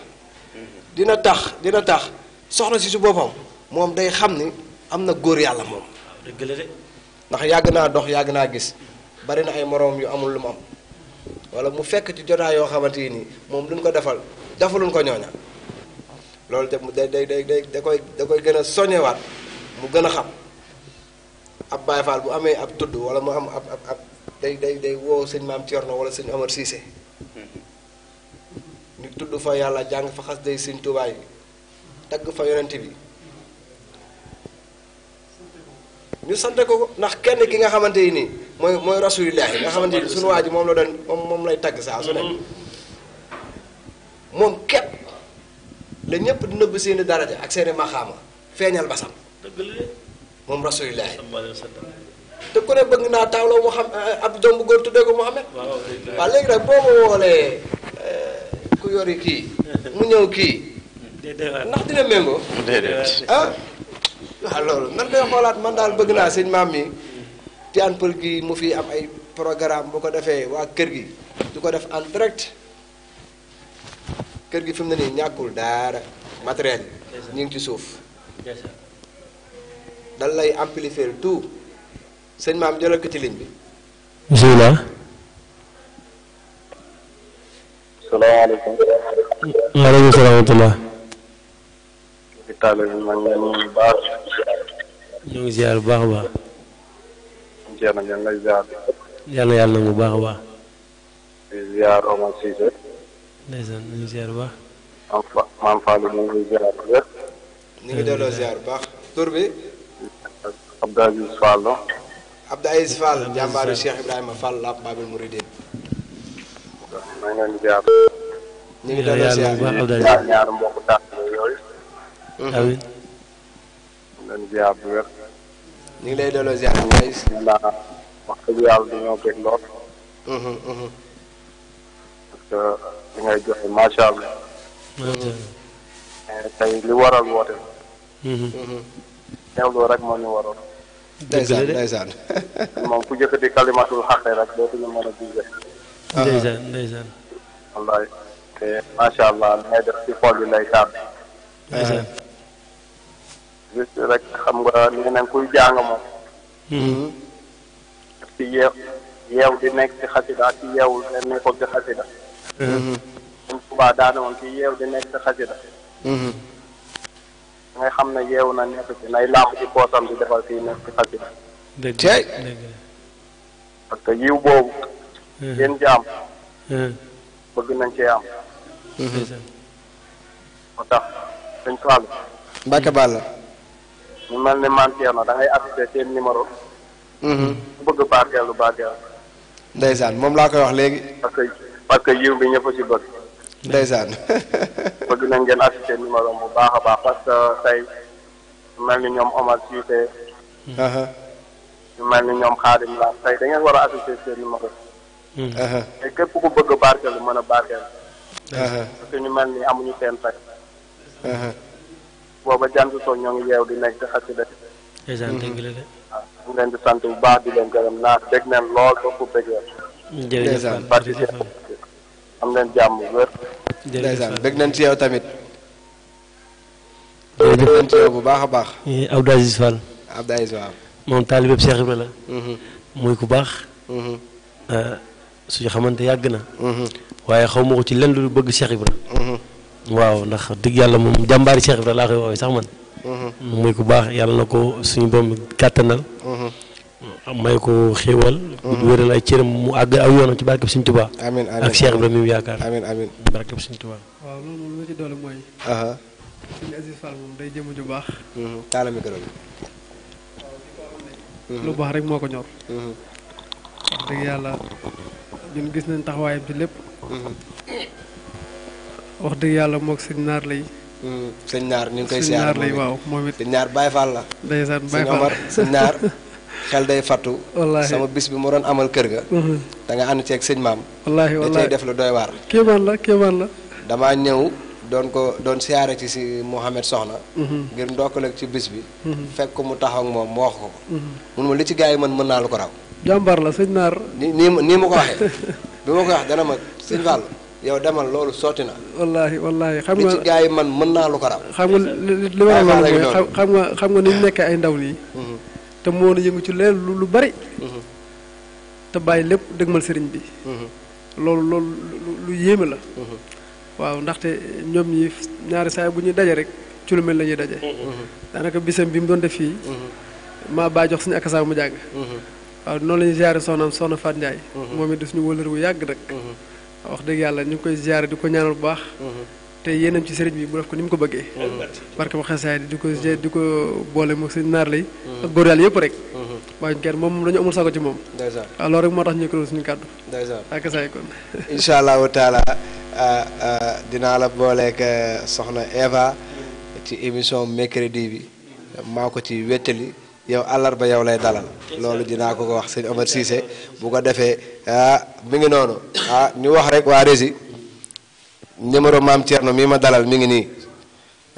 dina tax dina tax soxla si su boppam moom day xam ni am na góor yàlla moom dëgg la ndax yàgg naa dox yàgg naa gis bari na ay moroom yu amul lu mu am wala mu fekk ci jotaay yoo xamante yi nii moom luñ ko defal defaluñ ko ñooña loolu de day day day da koy da koy gën a soññewaat mu gën a xam ab Baye Fall bu amé ab tuddu wala mu am ab ab ab day day day wo sëñ maam tiorno wala sëñ Amar Cissé ni mm-hmm. tuddu fa yalla jang fa day sëñ touba yi tag fa yonenti bi ñu sante ko nak kenn ki nga xamante ni moy moy rasulullah nga xamante ni waji mom la mom lay tag saa su nek mom mm-hmm. kep le ñepp neub seen daraja ak seen maxama feñal basam mom rasulillah te ko ne bëgg na tawlo mu xam ab dombu gor tudde ko Muhammad wa leg rek bo mo wolé ku yori ki mu ñew ki ndax dina méngoo ah waaw loolu nan day xoolaat man dal bëgg na seigne mammi mi Tivaouane Peulh gi mu fi am ay programme bu ko defé wa kër gi du ko def en direct kër gi fi ni ñakul nii daara matériel ñing ci suuf dal lay amplifier tout sëñ maam jëlal ko ci bi. bisimilah. salaamaaleykum. maaleykum salaam wa rahmatulah. ngi leen nuyu bu baax. ñu ngi ziar bu baax a baax. jeex na yàlla yàlla ñu ngi ziar bu baax. baax. ñu ngi delloo ziar baax tur bi. Abdou Aziz Fall. Abdou Aziz Fall jàmbaaru Cheikh Ibrahima Fall la Baabul Muridiin. maa ngi leen di jaar. ñu ngi doon ziar ñaar ñaar mbokk tax yooyu. Mhm. amiin. ñu ngi leen di ziar bu wér. ñu ngi lay doon ziar bu wér. alhamdulilah wax dëgg yàlla dañoo bëgg lool. Mhm, mhm. parce que li ngay joxe macha allah. macha allah. Eh, tey li waral woote. teewloo rek moo ñu waroon. ndeysaan ndeysaan moom ku jëkkati kalimatul xaqe rek dootuñu mën a jugé ndeysaan ndeysaan wallaay te macha allah li ngay def si xol yi lay tàbb juste rek xam nga nee nañ kuy jàng moom daf ci yeew yeew di nekk ci xasida ak ci yeewul ne nekkoon ci xasida suñ tubaa daane woon ci yeew di nekk ci xasida ngay xam na yeewu na nekk ci nay làmb ci poosam di defal fii nekk ci xasida dëgg parce que yiw boobu yéen jaam bëgg nañ cee am moo tax sëñ Fallou Mbacke Balla ñu mel ni man Thierno da ngay affiché seen numéro ku bëgg barkeelu barkeelu moom laa koy wax léegi parce que parce que yiw bi ñëpp ci bëgg ndeysaan bëgg nañ ngeen affiché numéro bu baax a baax parce que tey ñu mel ni ñoom Omar Cissé ñu mel ni ñoom Xaadim la tey da ngeen war a affiché seen numéro hmm. te képp ku bëgg lu mën a barkeel parce que ñu mel ni amuñu seen fay jant soo ñoo ngi yeew di nekk xasi hmm. ah, leen di sant bu baax di leen gërëm naa dégg neen lool ba ku bëggee ndeysaan am leen jàmm bu wér. ndeysaan bëgg nañ ci yow tamit. bu baax a baax. Eh, Abdou Aziz Fall. Abdou Aziz moom taalibe Cheikh Ibra la. Mm-hmm. muy ku baax. Mm-hmm. Eh, suñu xamante yàgg na. Mm-hmm. waaye xaw ma ko ci lenn lu bëgg Cheikh Ibra. waaw ndax dëgg yàlla moom jàmbaari Cheikh la laa a woowee sax man. muy ku baax yàlla na ko suñu borom kàttanal. may ko xéewal mm-hmm. wéral ay cëram mu àgg aw yoonam ci barkeb Sëriñ Tuubaa amiin amiin barkeb Sëriñ Tuubaa waaw loolu moom lu ma ci doole mooy suñu day jëm ju baax mm-hmm. taala mm-hmm. lu baax rek moo ko ñor wax dëgg yàlla ñun gis nañ taxawaayam ci lépp wax dëgg yàlla moog sëñ naar lay sëñ naar ñu ngi koy siyaar sëñ naar lay waaw moom it sëñ naar Baye Fall la ndeysaan Baye Fall sëñ naar xel day fattu sama bis bi mu doon amal kër ga mhm. da nga ànd ceeg sëñ maam wallaahi wallaahi def lu doy waar kéemaan la kéemaan la damaa ñëw doon ko doon siyaare ci si Mouhamed Soxna mhm. ngir ndokkaleeg ci mhm. ma li ci gars yi man mën naa lu ko raw jàmbaar la sëñ naar ni nii ma ko waxee bi ma ko na. wallaahi wallaahi xam nga li ci gars yi man mën a ni ñu ay ndaw lii te moo na yëngu ci leen lu lu bari mhm. te bàyyi lépp dëgmal sëriñ bi mhm. loolu loolu lu yéeme la mhm. waaw ndaxte ñoom ñi ñaari saay bu ñuy dajee rek ci lu la ñuy daje daanaka bisam bi mu doon def fii ma baa jox suñu akasaag mu jàgg waaw noonu la ñuy ziare soxnaam soxna Faat Ndiaye moom it di suñu wëlër bu yàgg nag wax dëgg yàlla ñu ngi koy ziare di ko ñaanal bu baax te yéenam ci sëriñ bi bu def ko ni mu ko bëggee parce que bu xasaay di ko di ko boole mo sëñ naar lay ak góor yàlla yëpp rek bàyyiñ kenn moom dañu amul sago ci moom waaw ah, loolu rek moo tax ñu ko suñu ah, ah, eh, bi maa ko ci wettali yow àllarba yow lay dalal loolu dinaa ko ko wax sëñ Omar Cissé bu ko defee ah ngi noonu ñu wax rek waa Rési numéro mam tierno mi ma dalal mi ngi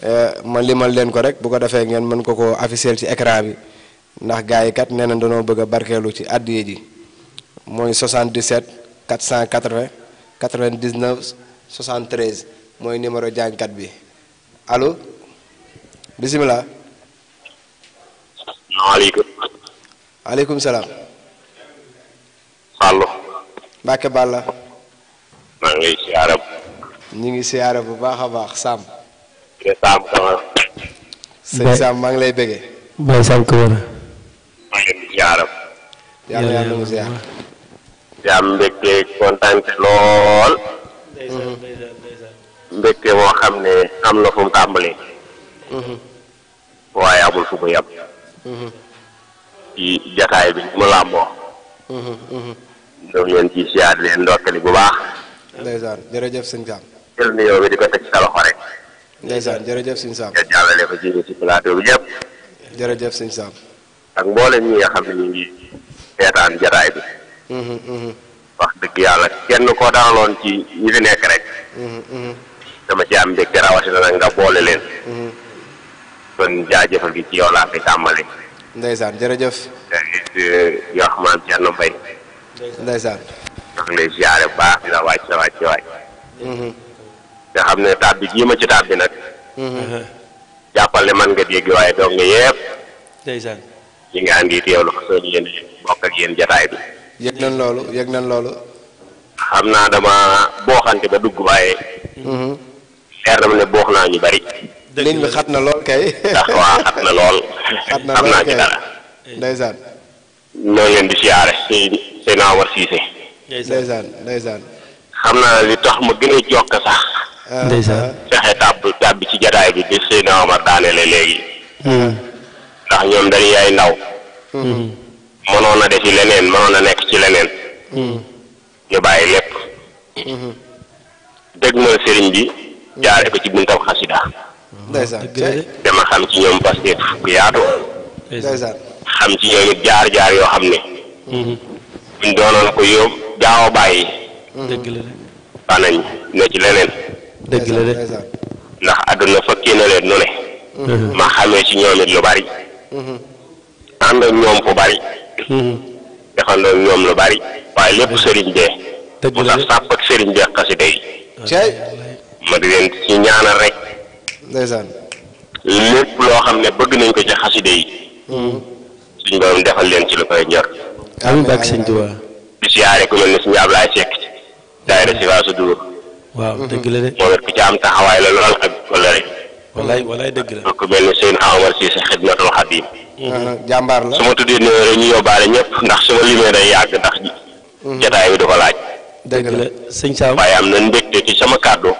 euh ma limal len ko rek bu ko dafé ngeen man ko ko officiel ci écran bi ndax gaay yi kat néna na danoo bëgg barkélu barkeelu ci addiye ji moy 77 480 99 73 moy numéro kat bi allo bismillah salaamaaleykum. aleykum salam Fallou. Mbacke Balla. maa ngi ñu ngi siyaare bu baax a baax Sam. kër Sam Kamara. maa ngi lay bëggee. Baye Sam Kamara. maa ngi siyaar. di am mbégte kontaan lool. Mm-hmm. mbégte moo xam ne am na fu mu tàmbalee. Mm-hmm. waaye amul fu mu yem. Mm-hmm. ci jataay bi mu làmboo. ñoo leen ci siyaar leen ndokkali bu baax. ndeysaan jërëjëf sëñ Sam. jël nuyoo bi di ko teg sa loxo rek. ndeysaan jërëjëf sëñ Sam. nga jàllale ko ci ci plateau bi ñëpp. jërëjëf sëñ Sam. ak mboolem ñi nga xam ne ñu ngi seetaan jataay bi. Mm-hmm, mm-hmm. wax dëgg yàlla kenn koo daaloon ci ñi fi nekk rek. Mm-hmm, ci am mbégte rawatina nag nga boole leen. kon jaajëfal gi ci yow laa jërëjëf. Euh, yoo xam sa wàcc nga xam ne taab bi jii ma ci taab bi nag. Mm-hmm. jàppal ne man nga dégg waaye doog nga yépp. ndeysaan ñi nga andi teewlu fa soo yéen bokk ak yéen jataay bi. yëg nañ loolu yëg nañ loolu. xam naa dama booxante ba dugg waaye. Mm-hmm. leer na ma ne boox naa ñu bari. liñ mi na lool kay. ndax waa xat na lool. xat na lool kay xam naa ci dara. ndeysaan. ñoo leen di siyaare si seen Omar Cissé. ndeysaan ndeysaan. xam naa li tax ma gën a jokk sax. ndeysaan fexe tàbb tàbb ci jataay bi di sëy na Omar daanele léegi hmm. ndax ñoom dañuy ay ndaw hmm. mënoon a defi leneen mënoon a nekk ci leneen hmm. ñu bàyyi lépp dëgg ma sëriñ bi jaare ko ci buntam xasida dama xam ci ñoom pastéef bu xam ci ñoom jaar jaar yoo xam ne buñ doonoon ko yow gaaw bàyyi danañ ne ci leneen dëgg la de ndax àdduna fekkee na leen nu ne mhm. ma xamee ci ñoom it lu bari mhm. ànd ak ñoom ku bari mhm. defandoo ñoom lu bari waaye lépp sëriñ de mu sax sàpp ak sëriñ bee xasida yi ma di leen ci ñaanal rek lépp loo xam ne bëgg nañ ko ci xasida yi suñ borom defal leen ci lu koy ñor amiin bàkk sëñ Tuubaa di siyaare ku mel ne suñu Ablaay Sekk daayira si waa sa duur waaw mhm. dëgg la de moom ci am taxawaay la lool ak kolere walay walay dëgg la ko benn seen xawmar si sa xidmatul xadim mhm, mhm, jàmbaar la su ma tuddee ne ñu yóbbaale ñëpp ndax su day ndax bi laaj dëgg la am na ci sama kàddu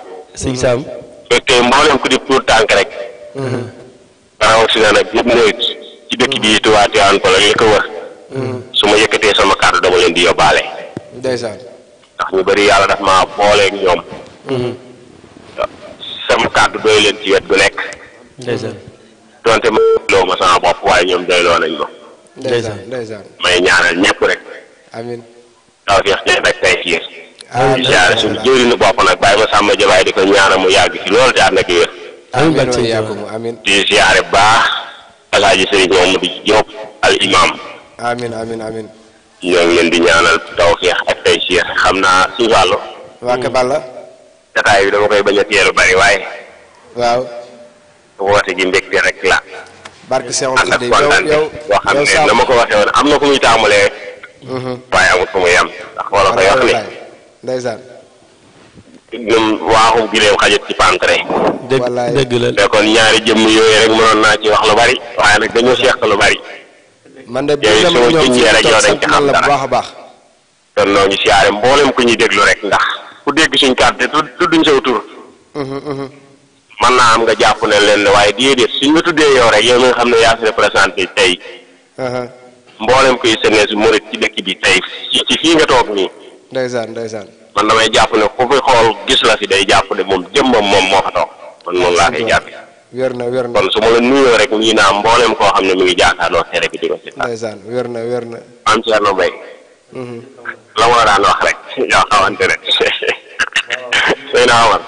sëñ saam mbégte mboolem ku di pour tànk rek rawatina nag yëpp nawet ci dëkk bi tuwaati aan ko la li ko sama kàddu dama leen di yóbbaale ndeysaan ndax ñu bari yàlla daf Mm-hmm. sama kàddu doy leen ci wet gu nekk. ndeysaan ma loo ma sama bopp waaye ñoom doyloo nañ ma. ndeysaan ndeysaan may ñaanal ñëpp rek. amiin taw feex tey rek tey fiir. amiin jaare suñu jëwriñu bopp nag bàyyi ma sàmm jabaay di ko ñaanal mu yàgg ci loolu te ànd ak wér. amiin di siyaare baax alaaji sëriñ Mamadou Diop al imam amiin amiin amiin ñoo ngi leen di ñaanal taw ak tey fiir xam naa si wàllu. waa Kébala. jotaay bi dama koy bañ a teelu bari waaye waaw woote gi mbégte rek la barke Seexul Xadiim yow boo xam ne na ma ko waxee woon am na ku muy taamulee mm-hmm. waaye amul fu muy yam ndax wala koy wax ni ndeysaan ñoom waaxum gileem xajut ci pantre dëgg la te kon ñaari jëmm yooyu rek mënoon naa ci wax lu bari waaye nag dañoo seq lu bari man de bu dama ñoom ci toog sant bu baax a baax kon noo ngi siyaare mboolem ku ñuy déglu rek ndax ku dégg suñ kàddu te tudduñ saw tur man mhm, mhm. naa am nga jàpp ne leen waaye déedéet suñ la tuddee yow rek yow mi nga xam ne yaa si représenté tey mboolem koy senees murit ci dëkk bi tey ci fii nga toog nii ndeysaan ndeysaan man damay jàpp ne ku fi xool gis la fi day jàpp ne moom jëmmam moom moo fa toog man moom laa koy jàppe wér na wér na kon su ma la nuyoo rek ñii naa mboolem koo xam ne mu ngi jaakaarloo tere bi di ko si ndeysaan wér na wér na Seyna Amar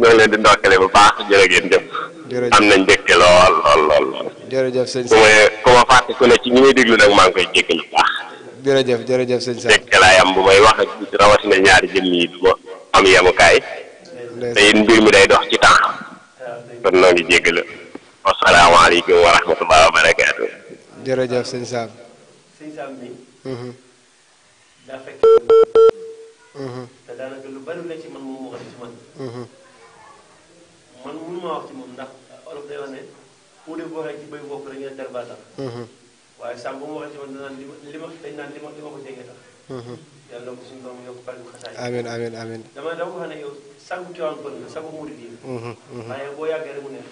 ñoo leen di ndokkale bu baax jërë jëf am nañ mbégte lool lool lool jërëjëf sëñ Sam ku ma fàtte ku ne ci ñi may déglu nag maa ngi koy jéggalu baax jërëjëf jërëjëf sëñ Sam mbégte laay am bu may wax ak rawatina ñaari jëm yi du ma am yemukaay te it mbir mi day dox ci temps kon noo ngi wasalaamaaleykum wa wa barakaatu jërëjëf sëñ sëñ bi dafa daanaka lu bari la ci man moom moo xam man. Mhm. man mënuma wax ci moom ndax olof day wax ne puudar boo xee rek ñu ne terba tax. waaye sàmm bu ma waaye boo yàggee rek mu neex.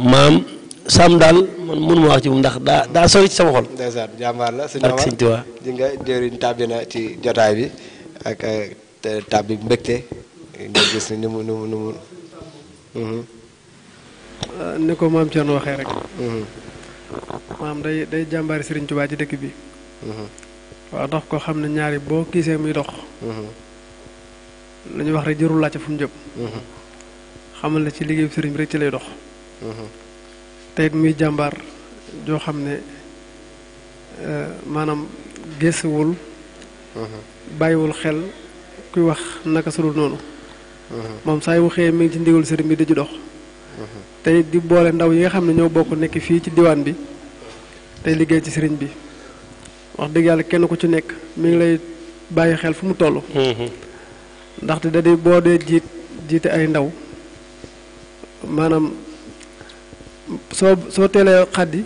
Mhm. Mhm. maam. Sam daal man mënuma wax ci moom ndax daa daa sori ci sama xol. ndeysaan jàmbaar la sëñ Omar ak sëñ Tuubaa nga jëriñ tàbbi na ci jotaay bi ak eh, tàbbi mbégte nga mhm. ah, ni ko maam Thierno waxee rek. Mhm. maam day day jàmbaari Serigne Touba ci dëkk bi. Mhm. waaw ndax ko xam ne ñaari boo gisee muy dox. lu ñu wax rek jërul laaj fu mu jëm. xamal la ci liggéeyu Serigne bi rek ci lay dox. te it muy jàmbaar joo xam ne euh, maanaam géesewul mm-hmm. bàyyiwul xel kuy wax naka sudul noonu mm-hmm. moom saa yu xëyee mi ngi ci ndigal sëriñ bi di ci dox mm-hmm. tey di boole ndaw yi nga xam ne ñoo bokk nekk fii ci diwaan bi tey liggéey ci sëriñ bi wax dëgg yàlla kenn ku ci nekk mi ngi lay bàyyi xel fu mu toll ndaxte da di boo dee jiit jiite ay ndaw maanaam soo soo teelee xaddi